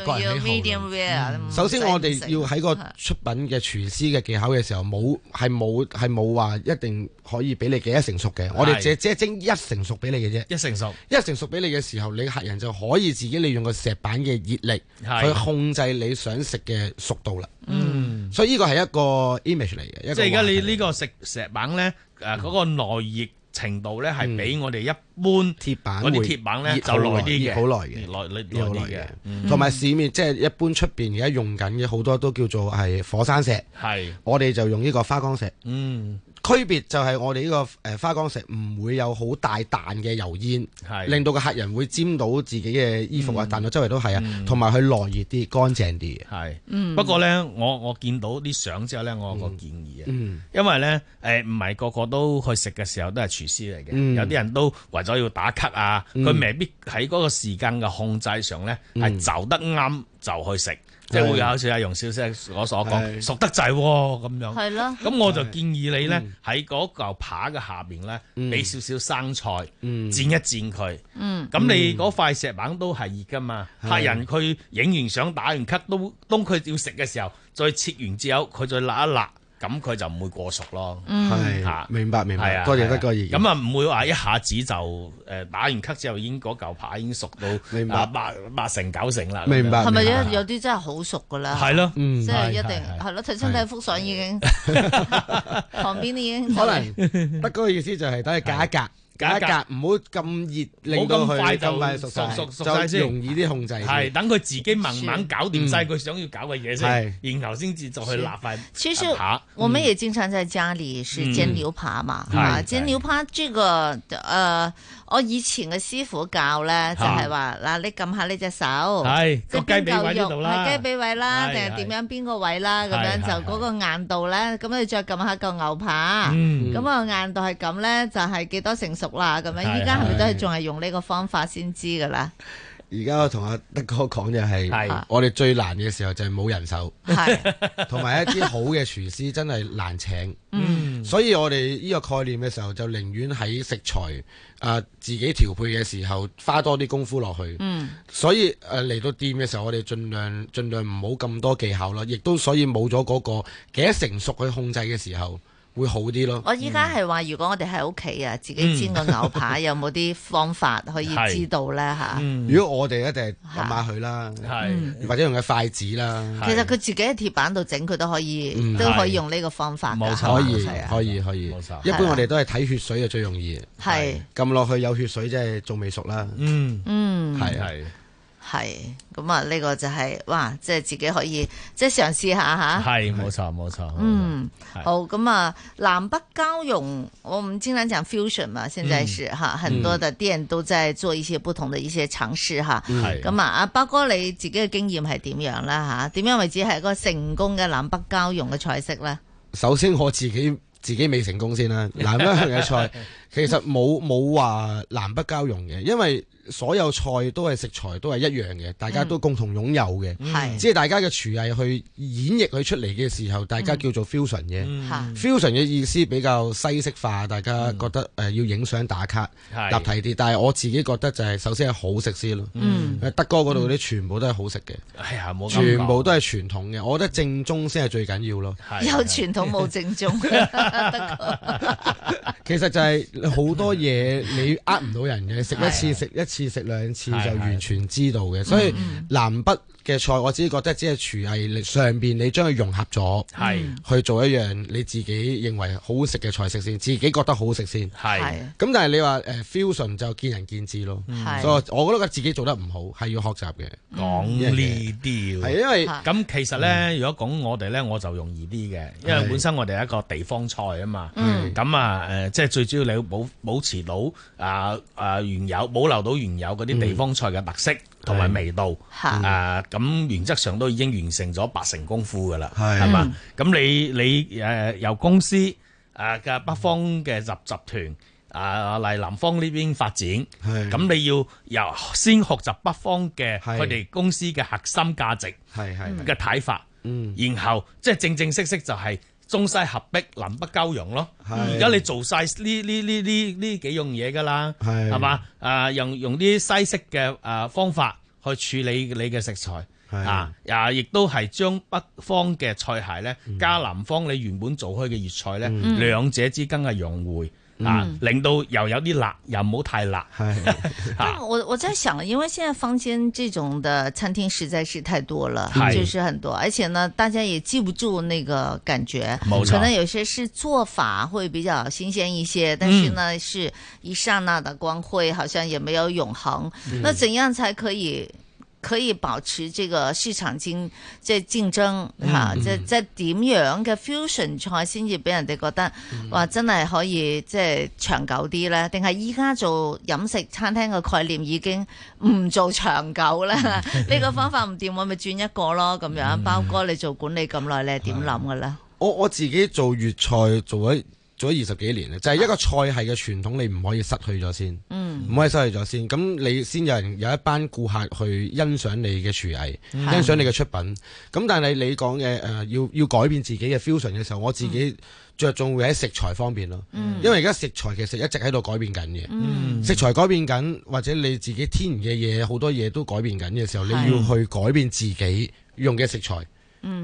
Speaker 6: 首先，我哋要喺個
Speaker 9: 出品嘅廚師嘅技巧嘅時候，冇係冇係冇話一定可以俾你幾一成熟嘅。是我哋只只係蒸一成熟俾你嘅啫。一成熟，一成熟俾你嘅時候，你客人就可以自己利用個石板嘅熱力去控制你想食嘅熟度啦。嗯的，所以呢個係一個 image 嚟嘅。嗯、即係而家你
Speaker 1: 呢個食石板咧，嗰、嗯、個內液。程度咧係比我哋一般鐵板嗰啲鐵板咧就耐啲嘅，好耐嘅，耐耐耐耐嘅，同埋、
Speaker 9: 嗯、市面即係、就是、一般出邊而家用緊嘅好多都叫做係火山石，係是我哋就用呢個花崗石。嗯。區別就係我哋呢個誒花崗石唔會有好大彈嘅油煙，係是令到個客人會沾到自己嘅衣服啊，彈到、嗯、周圍都係啊，同埋佢耐
Speaker 1: 熱啲、乾淨啲係，嗯、不過呢，我我見到啲相之後呢，我有個建議啊，
Speaker 9: 嗯
Speaker 8: 嗯、
Speaker 1: 因為呢，誒唔係個個都去食嘅時候都係廚師嚟嘅，嗯、有啲人都為咗要打卡啊，佢未必喺嗰個時間嘅控制上呢，係就得啱就去食。嗯即係會有好似阿容小姐，我所講熟得滯喎，咁樣。係
Speaker 8: 咯的。咁我就
Speaker 1: 建議你咧，喺嗰嚿扒嘅下邊咧，俾少少生菜，煎的一煎佢。嗯的。咁你嗰塊石板都係熱㗎嘛？的客人佢影完相、打完咳，都當佢要食嘅時候，再切完之後，佢再辣一辣。咁佢就唔會過熟咯，係嚇，明白明白，多謝德哥意見。咁啊，唔會話一下子就誒打完咳之後，已經嗰嚿牌已經熟到八八八成九成啦。明白？係咪
Speaker 6: 有有啲真係好熟噶啦？係咯，即係一定係咯，睇下幅相已經，旁邊已經可能。
Speaker 9: 不過嘅意思就係睇下價格。一格唔好
Speaker 1: 咁熱，令到佢快就快熟熟熟晒先，容易啲控制。係等佢自己慢慢搞掂晒是，佢想要搞嘅嘢先，是然後先至再去立法。其實，我們也
Speaker 6: 經常在家裏是煎牛扒嘛。哈、嗯，煎牛扒這個，誒、呃。我以前嘅師傅教咧，就係話嗱，你撳下呢隻手，即雞髀肉，係雞髀位啦，定係點樣邊個位啦？咁樣就嗰個硬度咧，咁你再撳下嚿牛扒，咁啊硬度係咁咧，就係幾多成熟啦？咁樣依家係咪都係仲係用呢個方法先知噶啦？
Speaker 9: 而家我同阿德哥講就係，我哋最難嘅時候就係冇人手，同埋一啲好嘅廚師真係難請。嗯所以我哋呢個概念嘅時候，就寧願喺食材啊、呃、自己調配嘅時候花多啲功夫落去。嗯，所以誒嚟、呃、到店嘅時候，我哋盡量盡量唔好咁多技巧啦，亦都所以冇咗嗰個幾成熟去控制嘅時候。會好啲咯。我依家係
Speaker 6: 話，如果我哋喺屋企啊，自己煎個牛扒，有冇啲方法可以知道咧吓？
Speaker 9: 如果我哋一定夾埋佢啦，係或者用隻筷子啦。其實
Speaker 6: 佢自己喺鐵板度整，佢都可以，都可以用呢個方法。冇錯，可以，可
Speaker 9: 以，可以。一般我哋都係睇血水就最容易。係。撳落去有血水，即係仲未熟啦。嗯嗯，係係。
Speaker 6: 係，咁啊呢個就係、是，哇！即、就、係、是、自己可以即係嘗試下吓。係，冇
Speaker 1: 錯冇錯。是
Speaker 9: 沒錯嗯，
Speaker 6: 好是，咁啊、哦、南北交融，我唔經常講 fusion 嘛，現在是吓，嗯、很多的店都在做一些不同的一些嘗試哈。係、嗯，咁啊，阿北哥，你自己嘅經驗係點樣啦吓？點樣為止係一個成功嘅南北交融嘅菜式呢？
Speaker 9: 首先我自己自己未成功先啦，南北嘅菜 [LAUGHS] 其實冇冇話南北交融嘅，因為。所有菜都係食材都係一樣嘅，大家都共同擁有嘅，即係、嗯、大家嘅廚藝去演繹佢出嚟嘅時候，嗯、大家叫做嘅、嗯、fusion 嘅。fusion 嘅意思比較西式化，大家覺得誒要影相打卡、嗯、立體啲。但係我自己覺得就係首先係好食先咯。嗯，德哥嗰度啲全部都係好食嘅。啊、哎，全部都係傳統嘅，我覺得正宗先係最緊要咯。有傳統冇
Speaker 6: 正宗。 [LAUGHS] 德
Speaker 9: 哥其實就係好多嘢你呃唔到人嘅，食一次食一次。哎呀試食兩次就完全知道嘅，的所以、嗯、南北嘅菜，我自己覺得只係廚藝上邊，你將佢融合咗，是去做一樣你自己認為好食嘅菜式先，自己覺得好食先，咁是但係你話 fusion
Speaker 1: 就見仁見智咯。是所以我覺得自己做得唔好，係要學習嘅。嗯、習講呢啲，因為咁是其實呢，如果講我哋呢，我就容易啲嘅，因為本身我哋係一個地方菜啊嘛。咁啊是、嗯呃、即係最主要你要保保持到啊，啊原有，保留到原有嗰啲地方菜嘅特色。嗯同埋味道，啊，咁、嗯呃、原則上都已經完成咗八成功夫噶啦，係嘛？咁你你誒、呃、由公司誒嘅、呃、北方嘅集集團啊嚟、呃、南方呢邊發展，咁係你要由先學習北方嘅佢哋公司嘅核心價值，係係嘅睇法，嗯，然後即係、就係、正正式式就係、係。中西合璧，南北交融咯。而家是你做晒呢呢呢呢呢幾樣嘢㗎啦，係嘛是？啊、呃，用用啲西式嘅啊方法去處理你嘅食材，啊是，啊，亦都係將北方嘅菜系咧，加南方你原本做開嘅粵菜咧，嗯、兩者之間嘅融匯。嗱、啊，令到又有啲辣，又唔好太辣。
Speaker 6: 我 [LAUGHS] 我在想，因為現在坊間這種的餐廳實在是太多了，是就是很多，而且呢，大家也記不住那個感覺，沒錯。可能有些是做法會比較新鮮一些，但是呢，嗯、是一剎那的光輝，好像也沒有永恒。嗯、那怎樣才可以？可以保持這個市場競，即係競爭吓、啊，即係即係點樣嘅 fusion 菜先至俾人哋覺得話真係可以即係長久啲咧？定係依家做飲食餐廳嘅概念已經唔做長久啦？呢、啊呢個方法唔掂，我咪轉一個咯咁樣。包哥，你做管理咁耐，你係點諗嘅咧？
Speaker 9: 我我自己做粵菜做咗。咗二十幾年咧，就係、是、一個菜系嘅傳統，你唔可以失去咗先，
Speaker 8: 嗯、
Speaker 9: 唔可以失去咗先。咁你先有人有一班顧客去欣賞你嘅廚藝，嗯、欣賞你嘅出品。咁但係你講嘅、呃、要要改變自己嘅 fusion 嘅時候，我自己着重會喺食材方面咯。嗯、因為而家食材其實一直喺度改變緊嘅，嗯、食材改變緊，或者你自己天然嘅嘢，好多嘢都改變緊嘅時候，你要去改變自己用嘅食材。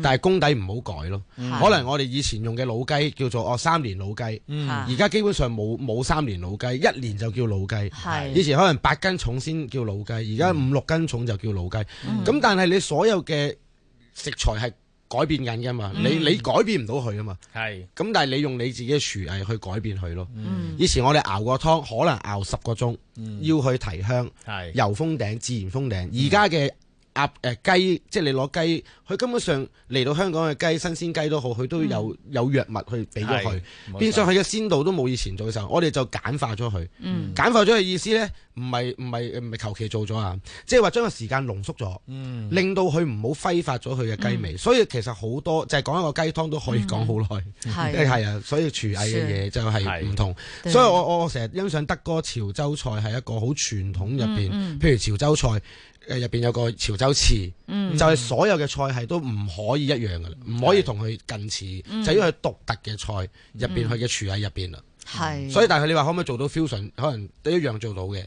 Speaker 9: 但係功底唔好改咯，可能我哋以前用嘅老雞叫做哦三年老雞，而家基本上冇冇三年老雞，一年就叫老雞。以前可能八斤重先叫老雞，而家五六斤重就叫老雞。咁但係你所有嘅食材係改變緊㗎嘛？你你改變唔到佢啊嘛？係咁，但係你用你自己嘅廚藝去改變佢咯。以前我哋熬個湯可能熬十個鐘，要去提香、油封頂、自然封頂，而家嘅。鴨誒雞，即係你攞雞，佢根本上嚟到香港嘅雞，新鮮雞都好，佢都有、嗯、有藥物去俾咗佢，係變相佢嘅鮮度都冇以前做嘅時候，我哋就簡化咗佢。嗯、簡化咗嘅意思呢，唔係唔係唔係求其做咗啊，即係話將個時間濃縮咗，嗯、令到佢唔好揮發咗佢嘅雞味。嗯、所以其實好多就係、係、講一個雞湯都可以講好耐，係係啊。所以廚藝嘅嘢就係唔同。所以我我成日欣賞德哥潮州菜係一個好傳統入邊，嗯嗯譬如潮州菜。誒，入邊有個潮州刺，就係所有嘅菜系都唔可以一樣嘅，唔可以同佢近似，就因為佢獨特嘅菜入邊佢嘅廚藝入邊啦。
Speaker 6: 係，所以但
Speaker 9: 係你話可唔可以做到 fusion？可能都一樣做到嘅，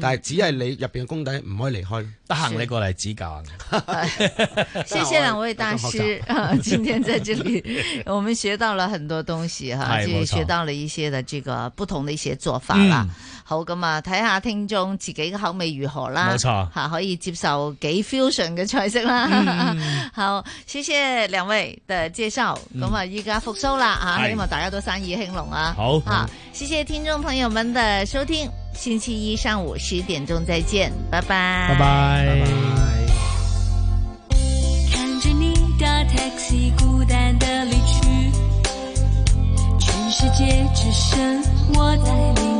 Speaker 9: 但係只係你入邊嘅功底唔可以離開。得閒你過嚟指教
Speaker 6: 謝謝兩位大師，今天在這裏，我們學到了很多東西哈，就學到了一些的這個不同的一些做法啦。好咁啊，睇下聽眾自己嘅口味如何啦，冇錯吓、啊、可以接受幾 fusion 嘅菜式啦。嗯、 [LAUGHS] 好，謝謝兩位嘅介紹，咁啊，依家復甦啦、哎、啊，希望大家都生意興隆啊。好啊，好好謝謝聽眾朋友們嘅收聽，星期一上午十點鐘再見，拜拜，拜拜，拜拜。